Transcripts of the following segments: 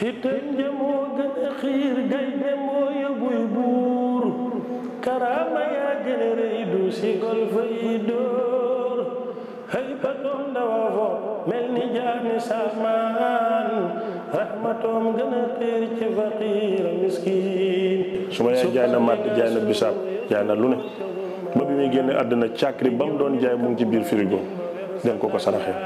xiteen ja moo gën a xiir gaynde moo yóbbuy buur karaama yaa gën a rëy du sigol fay dóor xëy ba doom dawa fo mel ni jaami saamaan rahmatoom gën a xiir ci faqiir miskiin su ma yaay jaay na màtt jaay na bisaab jaay na lu ne ba bi muy génne àddina càkkri ba mu doon jaay mu ngi ci biir frigo den ko ko saraxee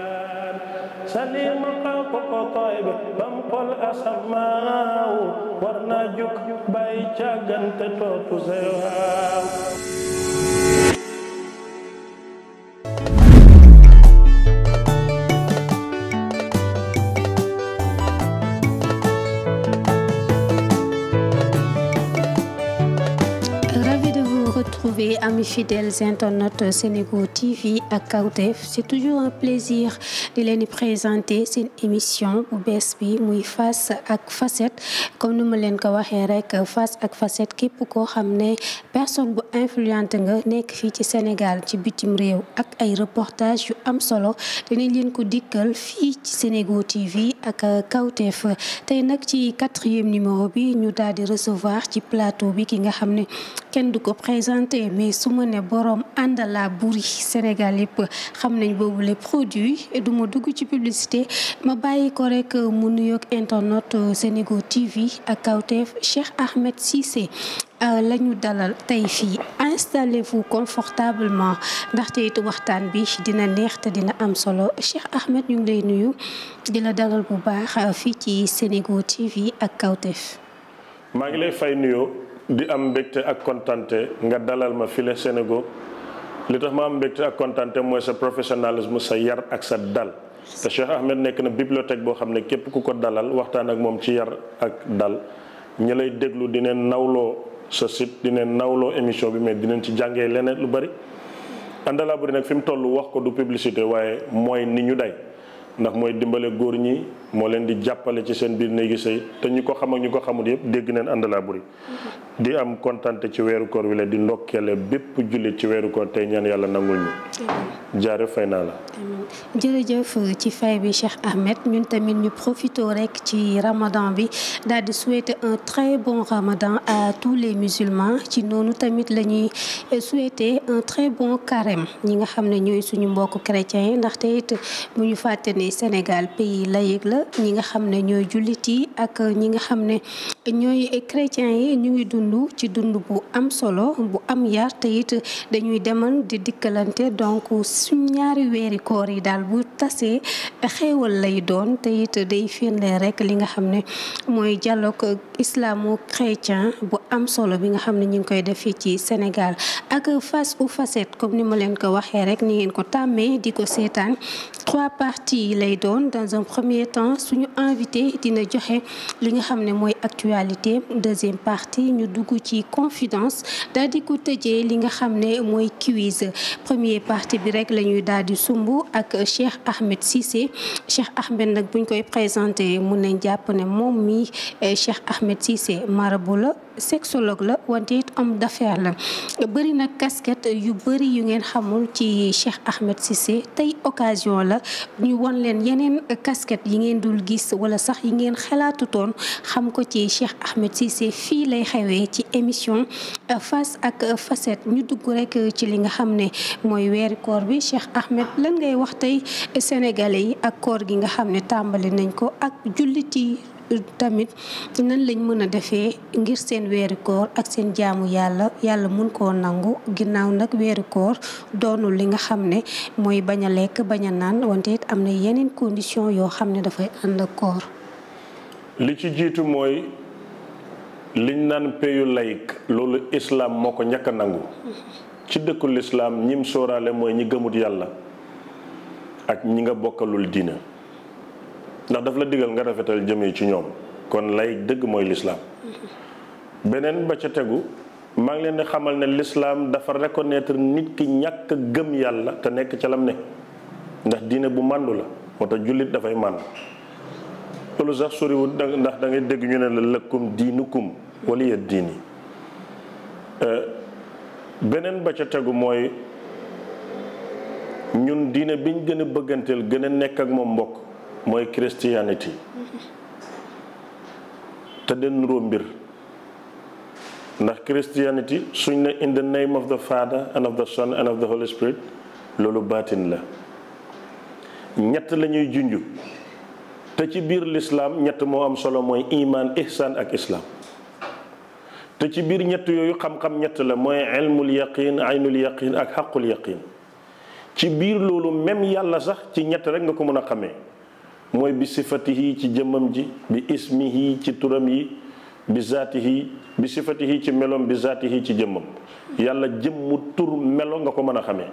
koko tooyba bam xol asamaaw war naa jóg bàyyi càggante tootu seewaaw amis fidèles internautes Sénégo TV ak Kawtef c'est toujours un plaisir di leen di présenter seen émission bu bees bi muy face ak facette comme ni ma leen ko waxee rek face ak facette képp koo xam ne personne bu influente nga nekk fii ci Sénégal ci bitim réew ak ay reportage yu am solo dinañ leen ko dikkal fii ci Sénégo TV ak Kawtef tey nag ci quatrième numéro bi ñu daal di recevoir ci plateau bi ki nga xam ne kenn du ko présenté mais su ma ne boroom àndala buri Sénégal yëpp xam nañ boobu les produits du ma dugg ci publicité ma bàyyi ko rek mu nuyoog internet euh, Sénégo TV ak kawteef Cheikh Ahmed Cissé euh, la dalal tey fii installez-vous confortablement ndaxte it waxtaan bi dina neex te dina am solo Cheikh Ahmed ñu ngi lay nuyu di la dalal bu baax euh, fii ci Sénégo TV ak kawteef maa ngi lay fay nuyoo di am mbégte ak kontante nga dalal ma file Sénégal li tax ma am mbégte ak kontante mooy sa professionnalisme sa yar ak sa dal te Cheikh Ahmed nekk na bibliothèque boo xam ne képp ku ko dalal waxtaan ak moom ci yar ak dal ñi lay déglu dineen nawloo sa site dineen nawloo émission bi mais dineen ci jàngee leneen lu bari àndalaa buri nag fi mu toll wax ko du publicité waaye mooy ni ñu day ndax mooy dimbale góor ñi moo leen di jàppale ci seen biir néegi sëy te ñu ko xam ak ñu ko xamul yëpp dégg neen ànd laa buri mm-hmm. di am kontante ci weeru koor wi la di ndokkeele bépp jullit ci weeru koor tey ñaan yàlla nangul ñu jaare fay naa la jërëjëf ci fay bi Cheikh Ahmed ñun tamit ñu profito rek ci ramadan bi daal di souhaiter un très bon ramadan à tous les musulmans ci noonu tamit la ñuy souhaiter un très bon carême ñi nga xam ne ñooy suñu mbokk chrétiens yi ndaxte it ñu fàtte ne Sénégal pays laïque la ñi nga xam ne ñooy jullit yi ak ñi nga xam ne ñooy chrétiens yi ñu ngi dund ci dund bu am solo bu am yar te it dañuy demal di dikkalante donc suñ ñaari weeri koor yi daal bu tasee xéewal lay doon te it day firndee rek li nga xam ne mooy dialogue islamo-chrétien bu am solo bi nga xam ne ñu ngi koy def fii ci Sénégal ak fas ou facette comme ni ma leen ko waxee rek ni ngeen ko tàmmee di ko seetaan trois parties lay doon dans un premier temps temps suñu invité dina joxe li nga xam ne mooy actualité deuxième partie ñu dugg ci confidence daal di ko tëjee li nga xam ne mooy quiz premier partie bi rek la ñuy daal di sumb ak Cheikh Ahmed Cissé Cheikh Ahmed nag buñ koy présenté mun nañ jàpp ne moom mi eh, Cheikh Ahmed Cissé marabu la sexologue la wante it homme d'affaires la bëri nag kasket yu bëri yu ngeen xamul ci Cheikh Ahmed Cissé tey occasion la ñu won leen yeneen casquette yi ngeen dul gis wala sax yi ngeen xalaatutoon xam ko ci Cheikh Ahmed Cissé fii lay xewee ci émission face ak facette ñu dugg rek ci li nga xam ne mooy weeri koor bi Cheikh Ahmed lan ngay wax tey sénégalais yi ak koor gi nga xam ne tàmbali nañ ko ak jullit yi tamit nan lañ mën a defee ngir seen weeri koor ak seen jaamu yàlla yàlla mën koo nangu ginnaaw nag weeri koor doonu li nga xam ne mooy bañ a lekk bañ a naan wante it am na yeneen condition yoo xam ne dafay ànd ak koor li ci jiitu mooy liñ naan payu laïc loolu islaam moo ko ñàkk nangu ci dëkkul islaam ñim sóoraale mooy ñi gëmut yàlla ak ñi nga bokkalul diina ndax daf la digal nga rafetal jëmee ci ñoom kon lay dëgg mooy lislaam beneen ba ca tegu maa ngi leen di xamal ne lislaam dafa reconnaître nit ki ñàkk gëm yàlla nekk ca lam ne ndax diine bu màndu la moo tax dafay màndu loolu sax soriwul ndax da ngay ñu ne la lëkkum diinukum wala yet diini euh, beneen ba ca mooy ñun diine biñ gën a bëgganteel gën a nekk ak moom mbokk mooy christianity te den nuroo mbir ndax christianity suñ ne in the name of the father and of the son and of the holy spirit loolu baatin la ñett la ñuy junj te ci biir lislaam ñett moo am solo mooy iman ihsan ak islaam te ci biir ñett yooyu xam-xam ñett la mooy ilmul yaqin aynul yaqin ak xaqul yaqin ci biir loolu même yàlla sax ci ñett rek nga ko mën a xame mooy bi sifatihi ci jëmmam ji bi ismihi ci turam yi bi zaatihi bi sifatihi ci meloom bi zaatihi ci jëmmam yàlla jëmmu tur melo nga ko mën a xamee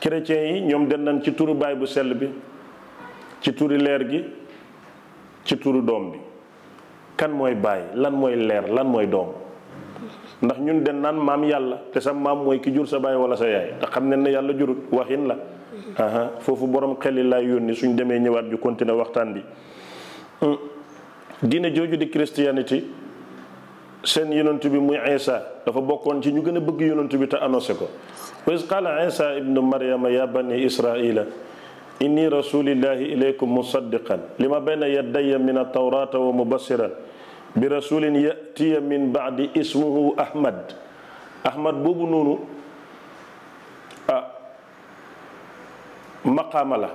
chrétiens yi ñoom dem nañ ci turu baay bu sell bi ci turi leer gi ci turu doom bi kan mooy baay lan mooy leer lan mooy doom ndax ñun den naan maam yàlla te sa maam mooy ki jur sa baay wala sa yaay te xam ne na yàlla jurut waxin la foofu boroom xel yi laay yónni suñ demee ñëwaat ju continuer waxtaan bi hmm. diine jooju di christianity seen yonent bi muy Isa dafa bokkoon ci ñu gën a bëgg yonent bi te annoncé ko wa is qaala Isa ibnu maryama ya bani israila inni rasulillahi ilaykum musaddiqan lima bayna yadaya min altawrata wa mubassiran bi rasulin yatiya min baadi ismuhu ahmad ahmad boobu noonu maqaama la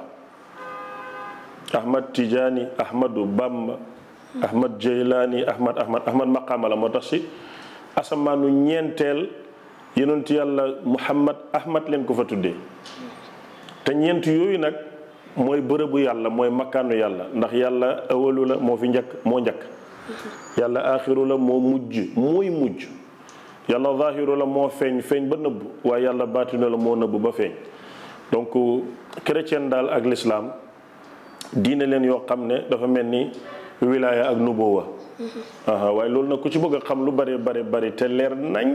ahmad tijaani ahmadu bamba ahmad jeylaani ahmad ahmad ahmad maqaama la moo tax si asamaanu ñeenteel yonentu yàlla muhammad ahmad leen ko fa tuddee te ñeent yooyu nag mooy bërëbu yàlla mooy makkaanu yàlla ndax yàlla awalu la moo fi njëkk moo njëkk yàlla aaxiru la moo mujj mooy mujj yàlla zaahiru la moo feeñ feeñ ba nëbbu waaye yàlla baatinu la moo nëbbu ba feeñ donc euh, chrétien daal ak lislaam diine leen yoo xam ne dafa mel ni wilaaya ak nubuwa waaye loolu nag ku ci bëgg xam lu bari bari bari te leer nañ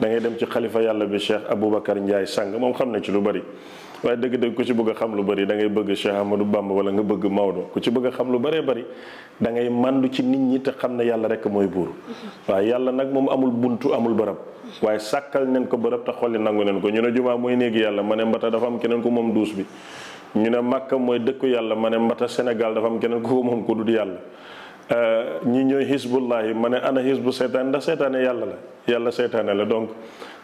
da ngay dem ci xalifa yàlla bi Cheikh Aboubacar njaay sàng moom xam na ci lu bari waaye dëgg-dëgg ku ci bëgg xam lu bari dangay ngay bëgg Cheikh Ahmadou Bamba wala nga bëgg Maodo ku ci bëgg a xam lu bëree bari dangay ngay màndu ci nit ñi te xam ne yàlla rek mooy buur waaye yàlla nag moom amul buntu amul bërëb waaye sàkkal neen ko bërëb te xolli nangu neen ko ñu ne jumaa mooy néeg yàlla ma ne mbata dafa am keneen ko moom duus bi ñu ne màkka mooy dëkku yàlla ma ne mbata Sénégal dafa am keneen ko moom ko dul yàlla euh, ñi ñooy xisbullahi ma ne ana xisbu seytaane ndax seytaane yàlla la yàlla seytaane la donc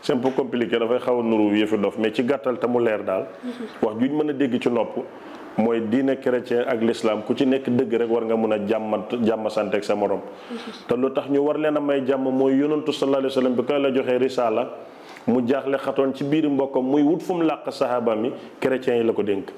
c'est un peu compliqué dafay xaw a nuru yëfi dof mais ci gàttal te mu leer daal. wax juñ mën a dégg ci nopp. mooy diine chrétien ak lislaam ku ci nekk dëgg rek war nga mën a jàmmat jàmm sante ak sa morom. te lu tax ñu war leen a may jàmm mooy yonantu sa alayhi wa sallam bi ka la joxee risaala mu jaaxle xatoon ci biir mbokkam muy wut fu mu làq sahaaba mi chrétiens yi la ko dénk.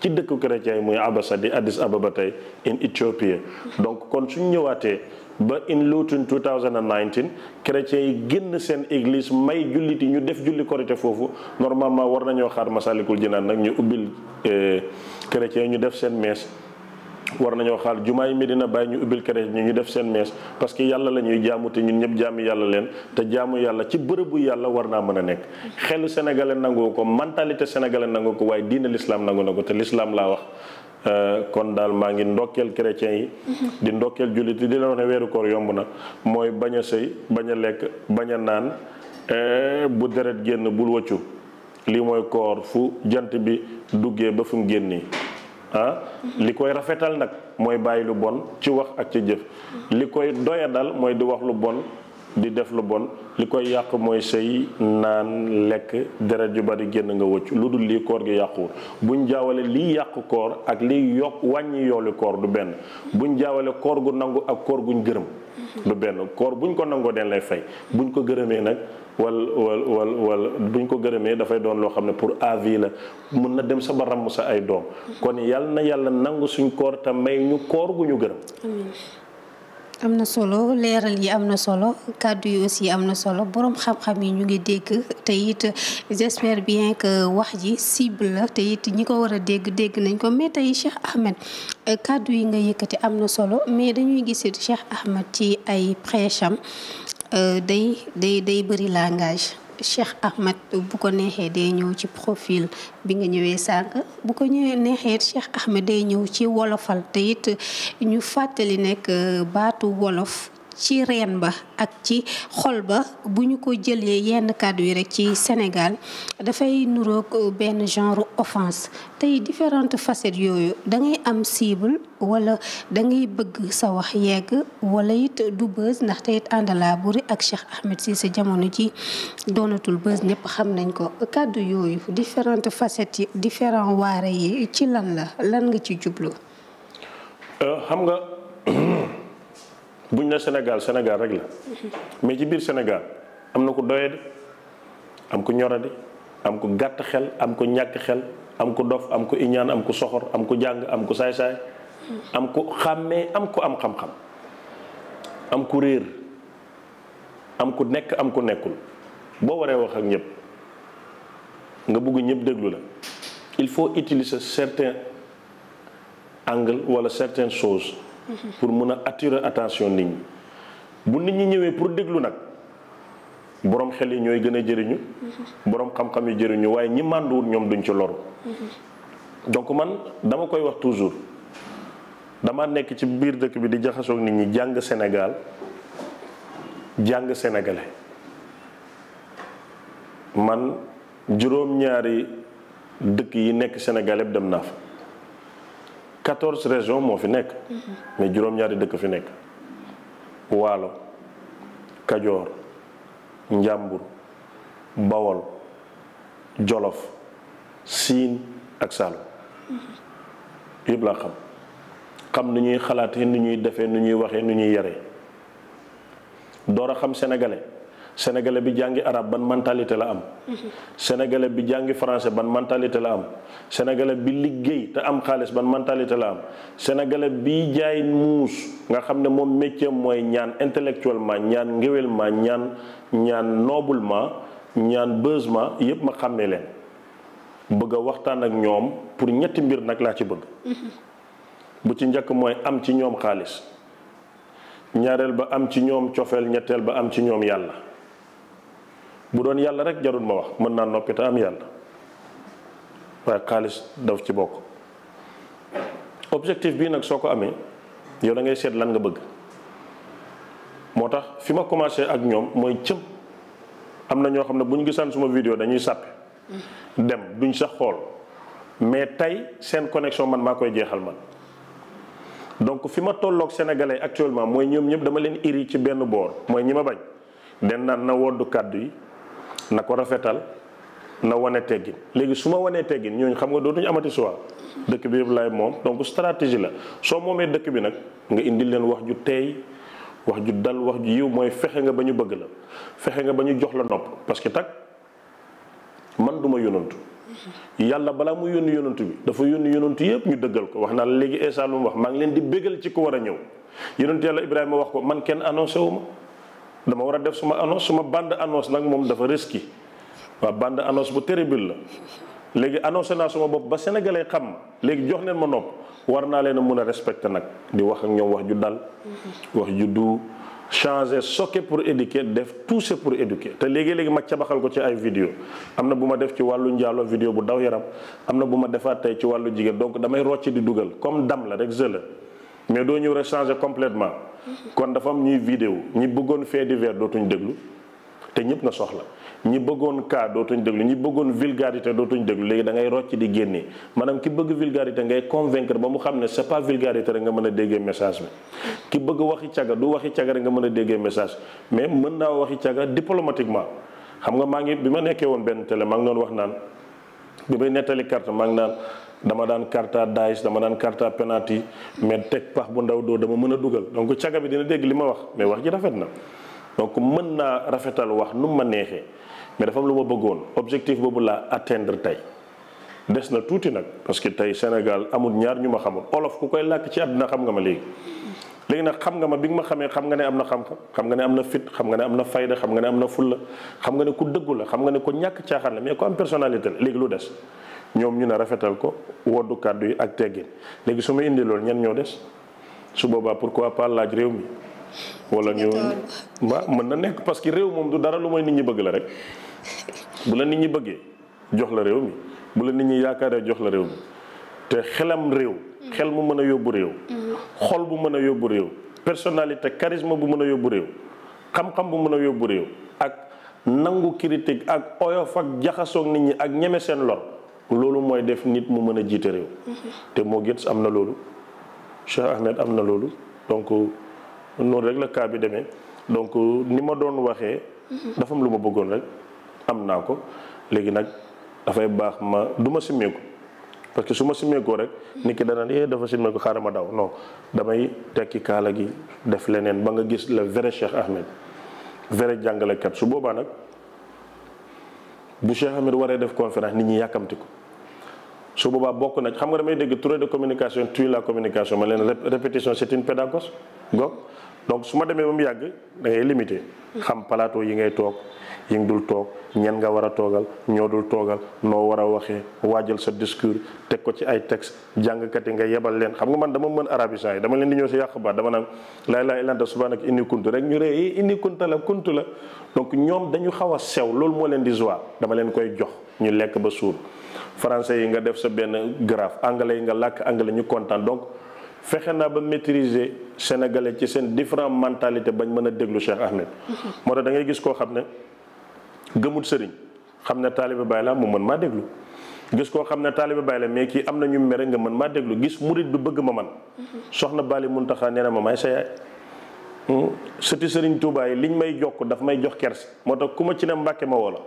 ci dëkku chrétien yi muy abasa di Addis Ababa tey in Éthiopie donc kon suñ ñëwaatee. ba in Luton 2019 chrétiens yi génn seen église may jullit yi ñu def julli korité foofu normalement war nañoo xaar Masalikul Jinaan nag ñu ubbil eh, chrétiens yi ñu def seen mees war nañoo xaar jumaa yi Medina Baay ñu ubbil chrétiens ñu ñu def seen mees parce que yàlla la ñuy jaamu te ñun ñëpp jaamu yàlla leen te jaamu yàlla ci bërëbu yàlla war naa mën a nekk xelu sénégalais nangoo ko mentalité sénégalais nangu ko waaye diina lislaam nangu na ko te l'islam laa wax Euh, kon daal maa ngi ndokkeel chrétien yi mhm. di ndokkeel jullit yi di leen wax ne weeru koor yomb na mooy bañ a sëy bañ a lekk bañ a naan euh, bu deret génn bul wëccu lii mooy koor fu jant bi duggee ba fu mu génnee ah, mhm. li koy rafetal nag mooy bàyyi lu bon ci wax ak ci jëf mhm. li koy doya dal mooy di wax lu bon di def lu bon li koy yàq mooy sëy naan lekk deret ju bari génn nga wëcc lu dul lii koor gi yàquwul buñ jaawale lii yàqu koor ak liy yokk wàññi yoolu koor du benn buñ jaawale koor gu nangu ak koor guñ gërëm du benn koor buñ ko nangoo den lay fay buñ ko gërëmee nag wal wal wal wal buñ ko gërëmee dafay doon loo xam ne pour avis la mun na dem sa ba sa ay doom mm-hmm. kon yal na yàlla nangu suñ koor te may ñu koor gu ñu gërëm am na solo leeral yi am na solo kàddu yi aussi am na solo borom xam-xam yi ñu ngi dégg te it j'espère bien que wax ji cible te it ñi ko war a dégg dégg nañ ko mais tey Cheikh Ahmed kàddu yi nga yëkkati am na solo mais dañuy gisit Cheikh Ahmed ci ay prêche am euh, day day day bëri langage. Cheikh Ahmed bu ko neexee day ñëw ci profil bi nga ñëwee sànq bu ko ñëwee neexee Cheikh Ahmed day ñëw ci wolofal te it ñu fàttali nekk baatu wolof ci reen ba ak ci xol ba bu ñu ko jëlee yenn kàddu yi rekk ci Sénégal dafay nuroog euh, benn genre offense tey différentes facettes yooyu da am cible wala da ngay bëgg sa wax yegg wala it du buzz ndax tey it Andala Boury ak Cheikh Ahmed Cissé jamono ji doonatul buzz ñëpp xam nañ ko kàddu yooyu différentes facettes yi différents waare yi ci lan la lan nga ci jublu euh, xam nga buñ na Sénégal Sénégal rek la mais ci biir Sénégal am na ko doyadi am ku ñoradi am ku gàtt xel am ko ñàkk xel am ku dof am ko iñaan am ku soxor am ku jàng am ko saay-saay am ko xàmmee am ku am xam-xam am ku réer am ku nekk am ku nekkul boo waree wax ak ñëpp nga bugg ñëpp déglu la il faut utiliser certains angles wala certaines choses pour mën a attirer attention nit ñi bu nit ñi ñëwee pour déglu nag boroom xel yi ñooy gën a jëriñu boroom xam-xam yi jëriñu waaye ñi mànduwul ñoom duñ ci loru donc man dama koy wax toujours dama nekk ci biir dëkk bi di jaxasoog nit ñi jàng Sénégal jàng sénégalais man juróom-ñaari dëkk yi nekk Sénégal yëpp dem naa fa quatorze régions moo fi nekk. mais juróom-ñaari dëkk fi nekk. Waalo Kajoor Njàmbur Bawol Jolof Siin ak Saalum yëpp laa xam xam nu ñuy xalaate ni ñuy defee ni ñuy waxee ni ñuy yare door a xam sénégalais. sénégalais bi jàngi arabe ban mentalité la am. sénégalais bi jàngi français ban mentalité la am. bi liggéey te am xaalis ban mentalité la am sénégalais bi jaay muus nga xam ne moom métier mooy ñaan intellectuellement ñaan ma ñaan ñaan noblement ñaan beusement yépp ma xàmmee leen bëgg a waxtaan ak ñoom pour ñetti mbir nag laa ci bëgg. bu ci njëkk mooy am ci ñoom xaalis ñaareel ba am ci ñoom cofeel ñetteel ba am ci ñoom yàlla. bu doon yàlla rek jarul ma wax mën naa noppi am yàlla waaye xaalis daf ci bokk objectif bii nag soo ko amee yow da ngay seet lan nga bëgg moo tax fi ma commencé ak ñoom mooy cëm am na ñoo xam ne bu ñu gisaan suma vidéo dañuy sàppe dem duñ sax xool mais tey seen connexion man maa koy jeexal man donc fi ma tolloog sénégalais actuellement mooy ñoom ñëpp dama leen iri ci benn boor mooy ñi ma bañ den naan na woddu kàddu yi na ko rafetal na wane teggin léegi su ma wanee teggin ñooñ xam nga dootuñu amati choix dëkk bi yëpp laay moom donc stratégie la soo moomee dëkk bi nag nga indi leen wax ju teey wax ju dal wax ju yiw mooy fexe nga ba ñu bëgg la fexe nga ba ñu jox la nopp parce que tak man du ma yonantu yàlla balaa mu yónni yonantu bi dafa yónni yonantu yëpp ñu dëggal ko wax naa la léegi Esa lu wax maa ngi leen di bégal ci ku war a ñëw yonantu yàlla Ibrahima wax ko man kenn annoncé wu ma dama war a def suma annonce suma bande annonce nag moom dafa risqué waaw bande annonce bu terrible la. léegi annoncé naa suma bopp ba sénégalais xam léegi jox leen ma nopp war naa leen a mun a respecté nag di wax ak ñoom wax ju dal. wax ju du changer sokke pour éduquer def tout ce pour éduquer te léegi-léegi ma cabaxal ko ci ay vidéo am na bu ma def ci wàllu njaalo vidéo bu daw yaram am na bu ma defaat tey ci wàllu jigéen donc damay rocc di dugal comme dam la rek jëla mais doo ñëw rek changer complètement kon dafa am ñuy vidéo ñi bëggoon fait divers dootuñ déglu te ñëpp nga soxla ñi bëggoon cas dootuñ déglu ñi bëggoon vulgarité dootuñ déglu léegi da ngay rocc di génne maanaam ki bëgg vulgarité ngay convaincre ba mu xam ne c'est pas vulgarité rek nga mën a déggee message bi. ki bëgg waxi caga du waxi caga rek nga mën a déggee message mais mën naa waxi caga diplomatiquement xam nga maa ngi bi ma nekkee woon benn tele maa ngi doon wax naan bi may nettali carte maa ngi dama daan karta Daesh dama daan karta penalty mais teg pax bu ndaw doo dama mën a dugal donc caga bi dina dégg li ma wax mais wax ji rafet na donc mën naa rafetal wax nu ma neexee mais defam lu ma bëggoon objectif boobu laa atteindre tey des na tuuti nag parce que tey Sénégal amul ñaar ñu ma xamul olof ku koy làkk ci àddina xam nga ma léegi léegi nag xam nga ma bi nga ma xamee xam nga ne am na xam-xam nga ne am na fit xam nga ne am na fayda xam nga ne am na fulla xam nga ne ku dëggu xam nga ne ku ñàkk caaxaan la mais ku am personnalité la léegi lu des ñoom ñu ne rafetal ko woddu kàddu yi ak teggin léegi su ma indi loolu ñen ñoo des su boobaa quoi par laaj réew mi. wala ñu ma mën na nekk parce que réew moom du dara lu mooy nit ñi bëgg la rek bu la nit ñi bëggee jox la réew mi bu la nit ñi yaakaaree jox la réew te xelam réew. Mm. xel mu mën a yóbbu réew. Mm. xol bu mën a yóbbu réew. personnalité charisme bu mën a yóbbu réew xam-xam bu mën a yóbbu réew ak nangu critique ak oyof ak jaxasoog nit ñi ak ñeme seen lor. loolu mooy def nit mu mën a jiite réew. te moo gën am na loolu Cheikh Ahmed am na loolu donc noonu rek la kaa bi demee donc ni ma doon waxee. dafa am lu ma bëggoon rek am naa ko léegi nag dafay baax ma du ma simmeeku parce que su ma simmeekoo rek nit ki dana ne eh, dafa simmeeku xaaral ma daw noo damay tekki kaala gi def leneen ba nga gis le vrai Cheikh Ahmed vrai jàngalekat su boobaa nag. bu Cheikh Amir waree def conférence nit ñi yàkkamti ko su boobaa bokk nag xam nga damay dégg Touré de communication tue la communication ma leen répétition c'est une pédagogie goog donc su ma demee ba mu yàgg da ngay limité xam plateau yi ngay toog yi nga dul toog ñen nga war a toogal ñoo dul toogal noo war a waxee waajal sa discours teg ko ci ay texte jàngkat yi nga yebal leen xam nga man dama mën arabisant yi dama leen di ñëw si yàq baat dama naan laa ilaaha illa anta subhaanaka indi kuntu rek ñu ree eh, inni kunta la kuntu la donc ñoom dañu xaw a sew loolu moo leen di joie dama leen koy jox ñu lekk ba suur français yi nga def sa benn graphe anglais yi nga làkk anglais ñu kontaan donc sénégalais ci seen différent mentalité bañ mën a déglu Cheikh Ahmed. moo tax da ngay gis koo xam ne gëmul sëriñ xam ne taalibe Baay la mu mën maa déglu. gis koo xam ne taalibe Baay la mais kii am na ñu mere nga mën maa déglu gis murit bi bëgg ma man. Mhm. soxna mun Muntaxa nee na ma may sa yaay. sëti sëriñ Touba yi liñ may jokk daf may jox kers moo tax ku ma ci ne Mbàkke ma woola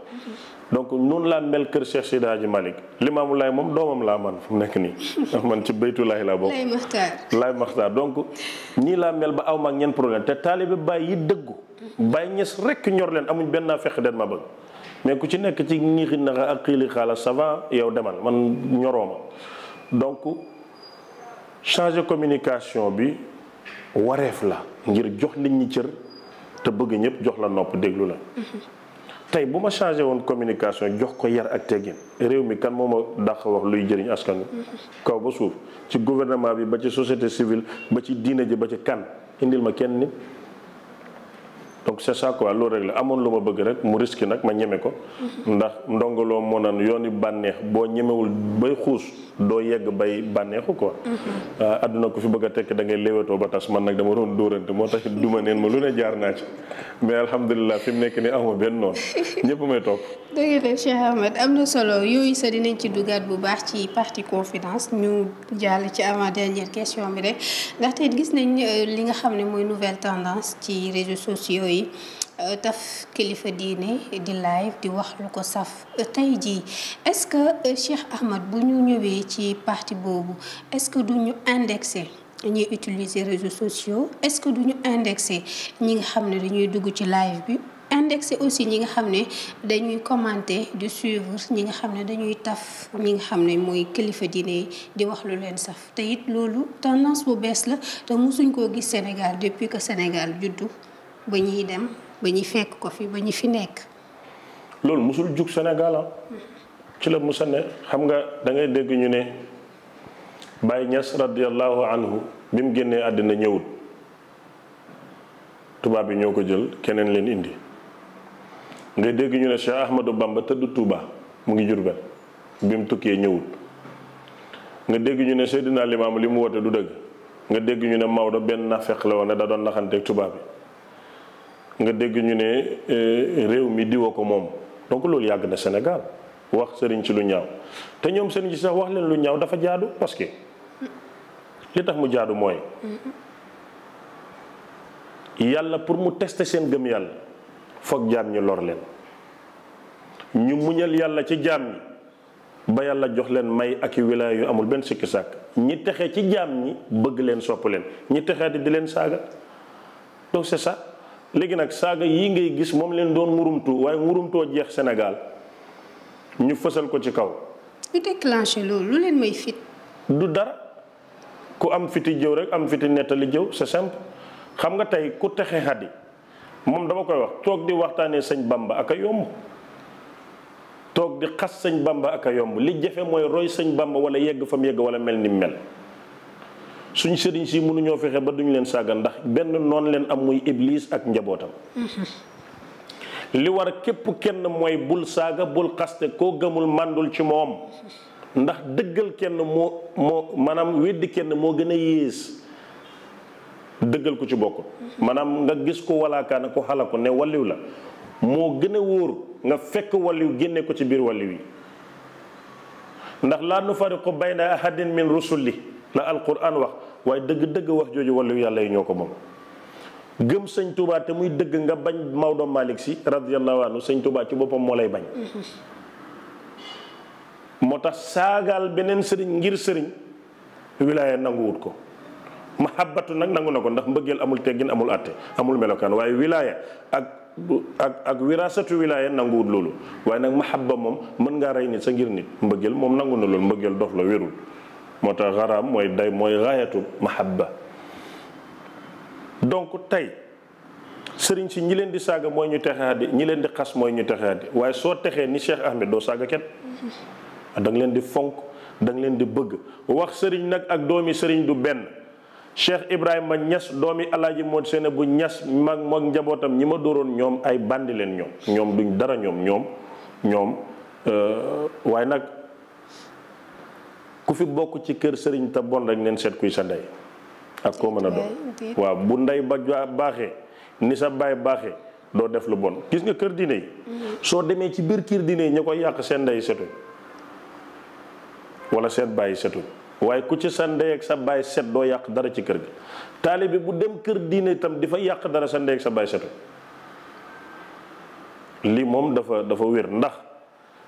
donc noonu laa mel kër Cheikh Seydi Hadji Malick Limaamu Laay moom doomam laa man fu mu nekk nii ndax man ci baytu laay laa bokk laay maxtaar donc ñii laa mel ba aw ma ak ñeen problème te taalibe bàyyi yi dëggu bàyyi ñes rekk ñor leen amuñ benn naa fexe den ma bëgg mais ku ci nekk ci ñiixi naxa ak xiili xaala savant yow demal man ñoroo donc changer communication bi wareef la ngir jox nit ñi cër te bëgg ñëpp jox la nopp déglu la. tey bu ma changé woon communication jox ko yar ak teggin réew mi kan moo ma dàq wax luy jëriñ askan wi. kaw ba suuf ci gouvernement bi ba ci société civile ba ci diina ji ba ci kan indil ma kenn nit. donc c'est ça quoi loolu rek la amoon lu ma bëgg rek mu risque nag ma ñeme ko ndax ndongoloo moo naan yooni bànneex boo ñemewul bay xuus doo yegg bay bànneexu quoi adduna ah, ko fi bëgg a tekk da ngay léwétoo ba tas man nag dama doon dóorante moo tax duma neen ma lu ne jaar naa ci mais alhamdulilah fi mu nekk ni awma benn noonu ñëpp may topp dëgg la Cheikh am na solo yooyu sa dinañ ci dugaat bu baax ci partie confidence ñu jàll ci avant dernière question bi rek ndaxte euh, ne mooy nouvelle tey euh, taf kilifa diine di live di wax lu ko saf euh, tey jii est-ce que euh, Cheikh Ahmed bu ñu ñëwee ci partie boobu est-ce que du ñu indexé ñuy utiliser réseaux sociaux est-ce que du ñu indexé ñi nga xam ne dañuy dugg ci live bi. indexé aussi ñi nga xam ne dañuy commenter di ñi nga xam ne dañuy taf ñi nga xam ne mooy kilifa diine di wax lu leen saf te it loolu tendance bu bees la te mosuñ koo gis Sénégal depuis ko Sénégal juddu. ba ñuy dem ba ñu fekk ko fi ba ñu fi nekk. loolu mosul jug Sénégal ah. ci la musa ne xam nga dangay dégg ñu ne Baye Niass radiyallahu anhu bi mu génnee àddina ñëwut tubaab yi ñoo ko jël keneen leen indi nga dégg ñu ne Cheikh Bamba tëdd Touba mu ngi Jurbel bi mu tukkee ñëwut nga dégg ñu ne Seydina Limaamu li mu woote du dëgg nga dégg ñu ne Maodo benn nafeq la woon ne da doon naxanteeg tubaab yi. nga dégg ñu ne euh, réew mi diwa ko moom donc loolu yàgg na Sénégal wax sëriñ si lu ñaaw te ñoom sëriñ si sax wax leen lu ñaaw dafa jaadu parce que li tax mu jaadu mooy yàlla pour mu tester seen gëm yàlla foog jaam ñu lor leen ñu muñal yàlla ci jaam ñi ba yàlla jox leen may ak i wilaaya yu amul benn sikki sàkk ñi texe ci jaam ñi bëgg leen sopp leen ñi texee di di leen saaga donc c'est ça léegi nag saaga yi ngay gis moom leen doon murumtu waaye murumtoo jeex senegal ñu fësal ko ci kaw. lu déclenché loolu lu leen may fit. du dara ku am fiti jëw rek am fiti nettali jëw c'est simple xam nga tey ku texe xaddi moom dama koy wax toog di waxtaanee sëñ Bamba ak a yomb. toog di xas sëñ Bamba ak a yomb li jafe mooy roy sañ Bamba wala yegg fa mu yegg wala mel ni mel. suñ sëriñ si mënuñoo fexe ba duñu leen saaga ndax benn noon leen am muy ibliis ak njabootam mm-hmm. li war képp kenn mooy bul saaga bul xaste ko gëmul màndul ci moom ndax dëggal kenn moo moo maanaam wedd kenn moo gën a yées dëggal ko ci bokkul mm-hmm. maanaam nga gis ko walaakaana ku xala ko ne walliw la moo gën a wóor nga fekk walliw génne ko ci biir walliw yi ndax laa nu fariqu bayna ahadin min rusuli la alquran wax waaye dëgg-dëgg wax jooju wàllu yàlla yi ñoo ko moom gëm sëñ Touba te muy dëgg nga bañ Maodo Malick si radiyallahu anhu sëñ Touba ci boppam moo lay bañ moo tax saagaal beneen sëriñ ngir sëriñ wilaaya nanguwut ko mahabbatu nag nangu na ko ndax mbëggeel amul teggin amul àtte amul melokaan waaye wilaaya ak ak ak wirasatu wilaaya nanguwut loolu waaye nag mahabba moom mën ngaa rey nit sa ngir nit mbëggeel moom nangu na loolu mbëggeel la wérul moo tax xaraam mooy day mooy raayatu mahabba donc tey sëriñ si ñi leen di saaga mooy ñu texaadi ñi leen di xas mooy ñu texaadi waaye soo texee ni Cheikh Ahmed doo saaga kenn mm-hmm. da leen di fonk da leen di bëgg wax sëriñ nag ak doomi sëriñ du benn Cheikh Ibrahima Ñas doomi alaaji moo seene bu Ñas mag mag njabootam ñi ma dooroon ñoom ay bandi leen ñoom ñoom duñ dara ñoom ñoom ñoom euh, waaye nag ku fi bokk ci kër sëriñ te bon rek neen seet kuy sa ndey ak koo mën a doon waaw bu ndey ba baaxee ni sa baay baaxe doo def lu bon gis nga kër diine yi mm-hmm. soo demee ci biir kër diine yi ñu koy yàq seen ndey setuñ wala seen baay setu waaye ku ci sa ndey ak sa baay set doo yàq dara ci kër gi taalibe bu dem kër diine itam di fa yàq dara sa ndey ak sa baay setuñ lii moom dafa dafa wér ndax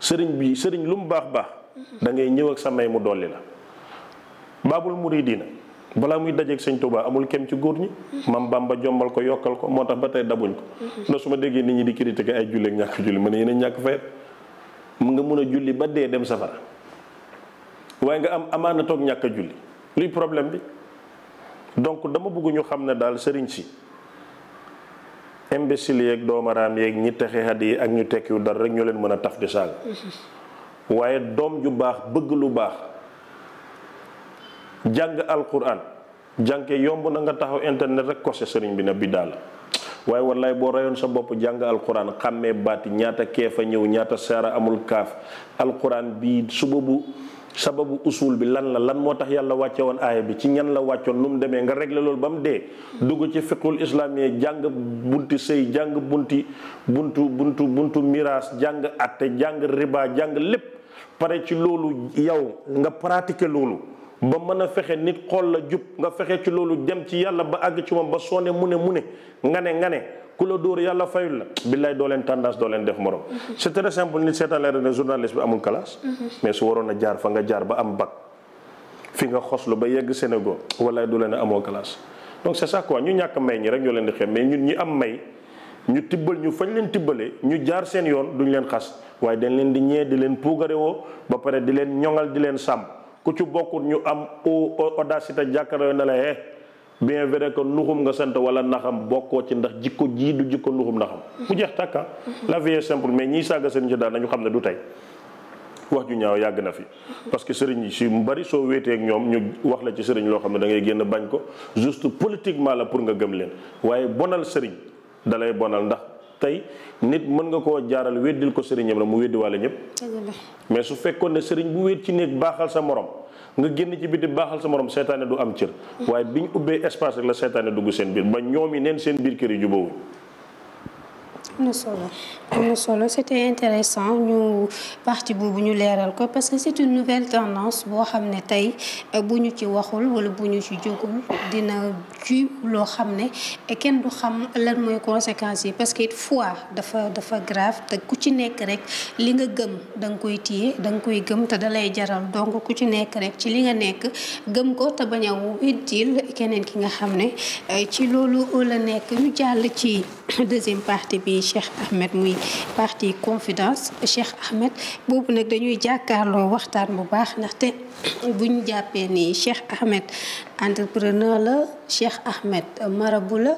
sëriñ bi sëriñ lu mu baax baax da ngay ñëw ak sa may mu dolli la baabul diina balaa muy dajeeg sëñ tubaa amul kem ci góor ñi mam ba jombal ko yokkal ko moo tax ba tey dabuñ ko ndax su ma déggee nit ñi di critiquer ay julli ak ñàkk julli ma ne ñàkk fayet mu nga mun a julli ba dee dem safara waaye nga am amaana ñàkk a julli luy problème bi donc dama bëgg ñu xam ne daal sëriñ si imbécile yeeg doomaraam yeeg ñi texe xat yi ak ñu tekkiwu dara rek ñoo leen mën a taf di waaye doom ju baax bëgg lu baax jàng alquran jànke yomb na nga taxaw internet rek kose sëriñ bi na biddaa la waaye wallaay boo reyoon sa bopp jàng alquran xàmmee baati ñaata keef a ñëw ñaata saara amul kaaf alquran bi subabu sababu usul bi lan la lan moo tax yàlla wàcce woon aaya bi ci ñan la wàccoon nu mu demee nga réglé loolu ba mu dee dugg ci fiqul islamiyee jàng bunti sëy jàng bunti buntu buntu buntu miraas jàng atte jàng riba jàng lépp pare ci loolu yow nga pratiquer loolu ba mën a fexe nit xool la jub nga fexe ci loolu dem ci yàlla ba àgg ci moom ba soone mu ne mu ne nga ne nga ne ku la dóor yàlla fayul la billaay doo leen tendance doo leen def morom c'est très simple nit seetaan la ne journaliste bi amul classe mais su waroon a jaar fa nga jaar ba am bag fi nga xos xoslu ba yegg Sénégal walaay du leen amoo classe donc c'est ça quoi ñu ñàkk may ñi rek ñoo leen di xem mais ñun ñi am may ñu tibbal ñu fañ leen tibbalee ñu jaar seen yoon duñ leen xas waaye dañ leen di ñee di leen puugarewoo ba pare di leen ñoŋal di leen sàmm ku ci bokkul ñu am audacité jàkkaarloo na la eh bien vrai que nuxum nga sant wala naxam bokkoo ci ndax jikko jii du jikko nuxum naxam. mu jeex takka ah. mm-hmm. la vie est mais ñiy saaga sëriñ si daal nañu xam ne du tey wax ju ñaw yàgg na fi. parce que sëriñ si mu bari soo wéetee ak ñoom ñu wax la ci sëriñ loo xam ne da ngay génn bañ ko juste politiquement la pour nga gëm leen waaye bonal sëriñ dalay bonal ndax. tey nit mën nga koo jaaral weddil ko sëriñam la mu weddiwaale ñëpp mais su fekkoon ne sëriñ bu wéet ci néeg baaxal sa morom nga génn ci biti baaxal sa morom seetaane du am cër mm. waaye bi ñu ubbee espace rek la seytaane dugg seen biir ba ñoom yi neen seen biir kër yi jubawuñ am na solo am na solo intéressant ñu partie boobu ñu leeral ko parce que c'est une nouvelle tendance boo xam ne tey bu ñu ci waxul wala bu ñu ci jógul dina ji loo xam ne kenn du xam lan mooy conséquences yi parce que fois dafa dafa grave te ku ci nekk rek li nga gëm da nga koy téye da nga koy gëm da lay jaral donc ku ci nekk rek ci li nga nekk gëm ko te bañ keneen ki nga xam ne ci loolu la nekk ñu jàll ci deuxième partie bi Cheikh Ahmed muy parti confidence Cheikh Ahmed boobu nag dañuy jàkkaarloo waxtaan bu baax ndaxte buñ jàppee nii Cheikh Ahmed entrepreneur la Cheikh Ahmed marabu la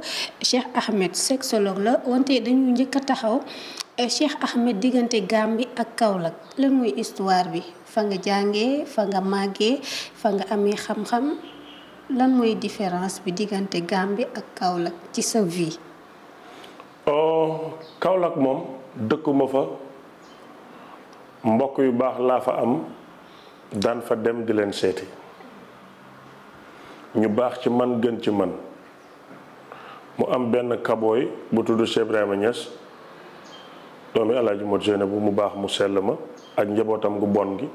Cheikh Ahmed sexologue la wante dañuy njëkk a taxaw eh, Cheikh Ahmed diggante Gàmbi ak Kaolack lan muy histoire bi fa nga jàngee fa nga màggee fa nga amee xam-xam lan mooy différence bi diggante Gàmbi ak Kaolack ci sa vie Oh, Kaolack moom dëkkuma fa mbokk yu baax laa fa am daan fa dem di leen seeti ñu baax ci man gën ci man mu am benn kabooy bu tudd Cheikh ma Niass doomi alaaji mot géné bu mu baax mu sell ma ak njabootam gu bon gi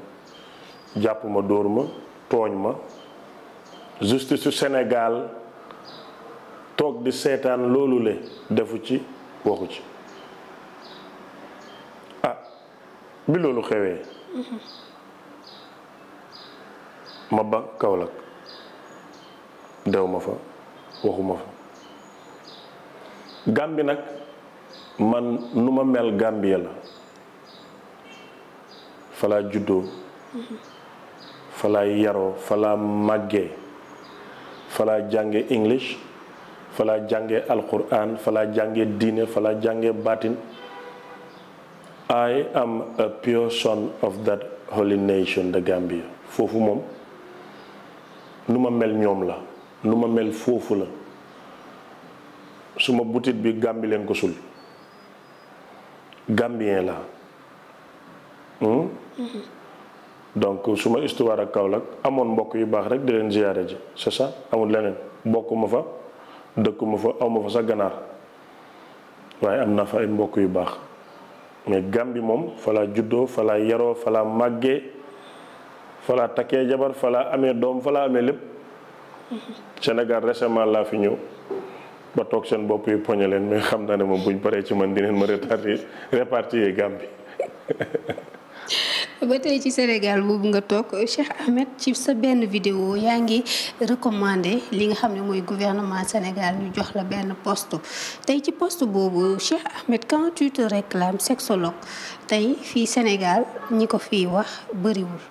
jàpp ma dóor ma tooñ ma justice su toog di seetaan loolu le defu ci waxu ci ah bi loolu xewee ma ba Kaolack dew fa waxuma fa Gàmbi nag man nu ma mel Gàmbi la falaa juddoo falaa yaroo falaa màggee falaa jànge English fa laa jàngee alquran fa laa jàngee diine fa laa baatin I am a pure son of that holy nation the Gambia foofu moom nu ma mel ñoom la nu ma mel foofu la suma butit bi gàmbi leen ko sul gambien la hmm? donc su ma histoire ak Kaolack amoon mbokk yu baax rek di leen ziyaare ji c'est ça leneen bokkuma fa dëkkuma fa awma fa sa ganaar waaye am naa fa ay mbokk yu baax mais Gàmbi moom falaa juddoo falaa yaroo falaa màggee falaa takkee jabar falaa amee doom falaa amee lépp Sénégal récemment laa fi ñëw ba toog seen bopp yi poñe leen mais xam naa ne moom buñ paree ci man dineen ma répartir répartir Gàmbi ba tey ci Sénégal boobu nga toog Cheikh Ahmed ci sa benn vidéo yaa ngi recommandé li nga xam ne mooy gouvernement Sénégal ñu jox la benn poste tey ci poste boobu Cheikh Ahmed quand tu te réclames sexologue tey fii Sénégal ñi ko fi wax bëriwul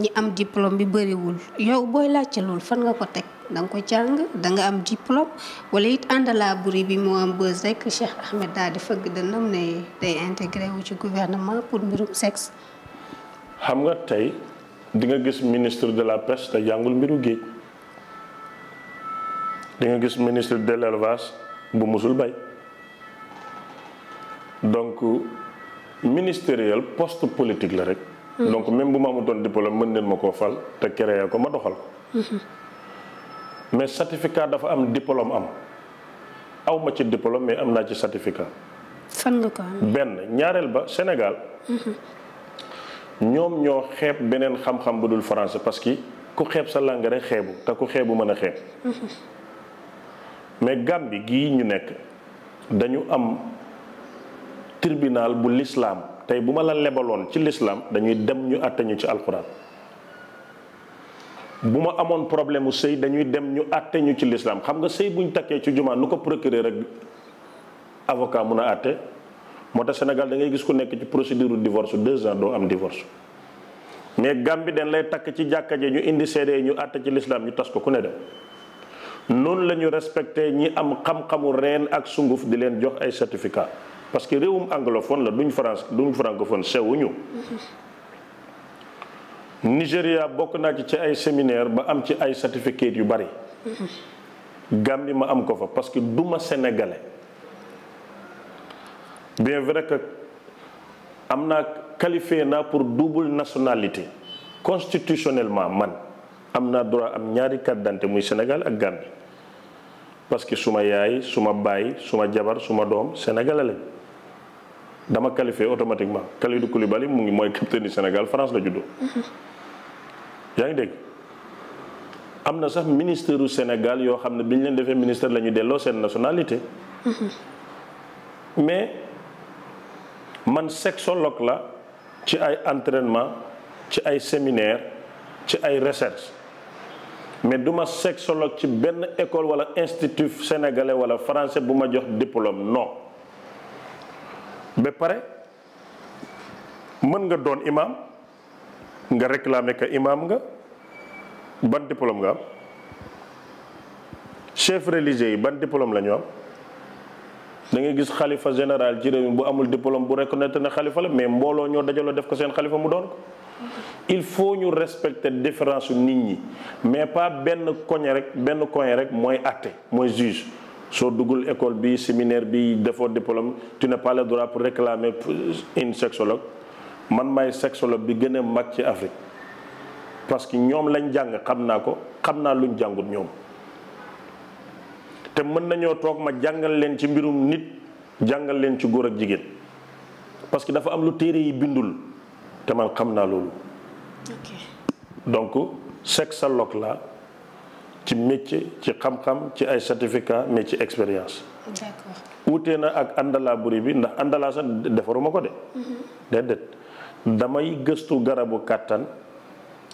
ñi am diplôme bi bëriwul yow booy laajte loolu fan nga ko teg da nga ko jàng da nga am diplôme wala it àndalaa buri bi moo am bës rek Cheikh Ahmed daal di fëgg dënnam ne tey intégré wu ci gouvernement pour mbirum sexe xam nga tey di nga gis ministre de la pêche te jàngul mbiru géej di nga gis ministre de l'élevage bu musul bay donc ministériel post politique la rek. Hmm. donc même bu ma doon diplôme mën neen ma koo fal te créé ko ma doxal hmm. mais certificat dafa am diplôme am aw ma ci diplôme mais am naa ci certificat. fan nga ko am benn ñaareel ba Sénégal. Hmm. ñoom ñoo xeeb beneen xam-xam bu dul français parce que ku xeeb sa langue rek xeebu te ku xeebu mën a xeeb mais Gambie gii ñu nekk dañu am tribunal bu lislaam tey bu ma la lebaloon ci lislaam dañuy dem ñu àtte ñu ci alxuraan bu ma amoon problème mu sëy dañuy dem ñu àtte ñu ci lislaam xam nga sëy buñ takkee ci jumaa nu ko procureur rek avocat mun a àtte moo tax Sénégal dangay gis ku nekk ci procédure divorce deux ans doo am divorce mais Gambie dañ lay takk ci jàkka je ñu indi seede ñu àtte ci lislaam ñu tas ko ku ne dem noonu la ñu respecté ñi am xam-xamu reen ak sunguf di leen jox ay certificat parce que réewum anglophone la duñ France duñ francophone sewuñu Nigéria bokk naa ci ci ay séminaire ba am ci ay certificat yu bari Gambie ma am ko fa parce que duma sénégalais bien vrai que am na qualifié naa pour double nationalité constitutionnellement man am naa droit am ñaari carte d'identité muy Sénégal ak Gambie parce que su ma yaay suma baay suma jabar suma doom sénégalais dama qualifié automatiquement Kalidou Koulibaly mu ngi mooy capitaine du Sénégal France la juddoo. Mhm. yaa ngi dégg am na sax ministère du Sénégal yoo xam ne bi ñu leen defee ministère la ñu delloo seen nationalité. Mhm. mais man sexologue la ci ay entrainement ci ay séminaire ci ay recherche mais duma ma sexologue ci benn école wala institut sénégalais wala français bu ma jox diplôme non ba pare mën nga doon imam nga réclamer que imam nga ban diplôme nga am chef religieux yi ban diplôme la am da ngay gis xalifa général ci réew mi bu amul diplôme bu reconnaître ne xalifa la mais mbooloo ñoo dajaloo def ko seen xalifa mu doon il faut ñu respecter différence su nit ñi mais pas benn koñ rek benn koñ rek mooy àtte mooy juge soo duggul école bi séminaire bi defoo diplôme tu n'as pas le droit pour réclamer une sexologue man may sexologue bi gën a mag ci Afrique parce que ñoom lañ jàng xam naa ko xam naa luñ jàngut ñoom. te mën nañoo toog ma jàngal leen ci mbirum nit jàngal leen ci góor ak jigéen parce que dafa am lu téere yi bindul te man xam naa loolu. donc sexologue la ci métier ci xam-xam ci ay certificat mais ci expérience. d'accord wuute na ak àndalaa buri bi ndax àndalaa sax defaruma ko de. Mm-hmm. déedéet damay gëstu garabu kàttan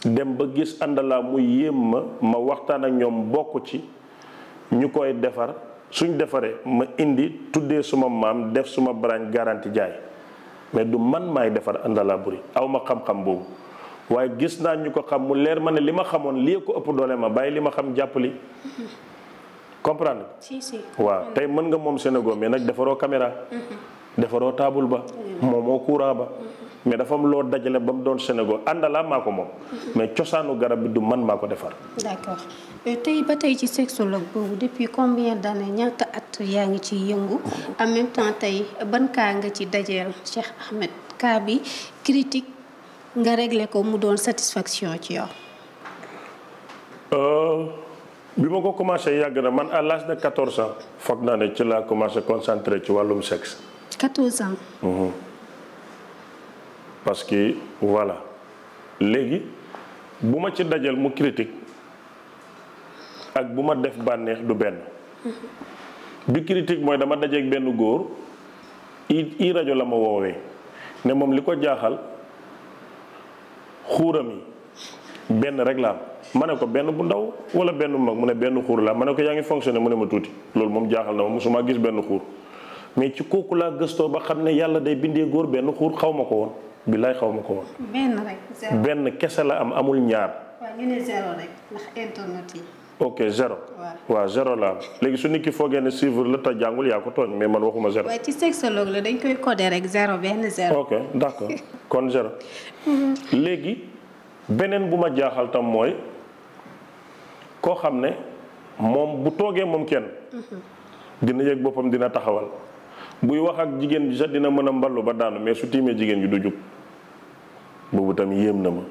dem ba gis àndalaa mu yéem ma ma waxtaan ak ñoom bokk ci. ñu koy defar suñ defaree ma indi tuddee suma maam def suma branche garanti jaay mais du man maay defar Andalaburi aw ma xam-xam boobu waaye gis naa ñu ko xam mu leer ma ne li ma xamoon lii ko ëpp doole ma bàyyi li ma xam jàppali comprendre si waaw tey mën nga moom Sénégal mais nag defaroo caméra mm-hmm. defaroo taabul ba mm-hmm. moomoo courant ba mm-hmm. mais dafam loo dajale ba mu doon Sénégal àndalaa maa ko moom mais cosaanu garab bi du man maa ko defar Euh, tey ba tey ci sexologue boobu depuis combien d'années ñaata at yaa ngi ci yëngu en temps tey ban kaa nga ci dajeel Cheikh Ahmed kaa bi critique nga réglé ko mu doon satisfaction ci yow. Euh, bi ma ko commencé yàgg na man à l'âge de 14 ans foog naa ne ci laa commencé concentré ci wàllum sexe. 14 ans. Mmh. que voilà léegi bu ma ci dajal mu critique ak bu ma def bànneex du benn bi critique mooy dama dajeeg benn góor i i rajo la ma woowee ne moom li ko jaaxal xuuram yi benn rek la am ma ne ko benn bu ndaw wala benn bu mag mu ne benn xuur la ma ne ko yaa ngi fonctionné mu ne ma tuuti loolu moom jaaxal na ma gis benn xuur mais ci kooku laa gëstoo ba xam ne yàlla day bindee góor benn xuur xaw ma ko woon billaay xaw ma ko woon. benn kese la am amul ñaar. ok zéro. waaw waaw zéro la léegi su nit foogee ne suivre la te jàngul yaa ko tooñ mais man waxuma zéro. waaye ci sexologue la dañ koy codé rek zéro benn zéro. ok d' accord kon zéro. Mhm. léegi beneen bu ma jaaxal tam mooy koo xam ne moom bu toogee moom kenn. Mhm. dina yëg boppam dina taxawal. buy wax ak jigéen bi sax dina mën a mballu ba daanu mais su tiimee jigéen ji du jub boobu tam yéem na ma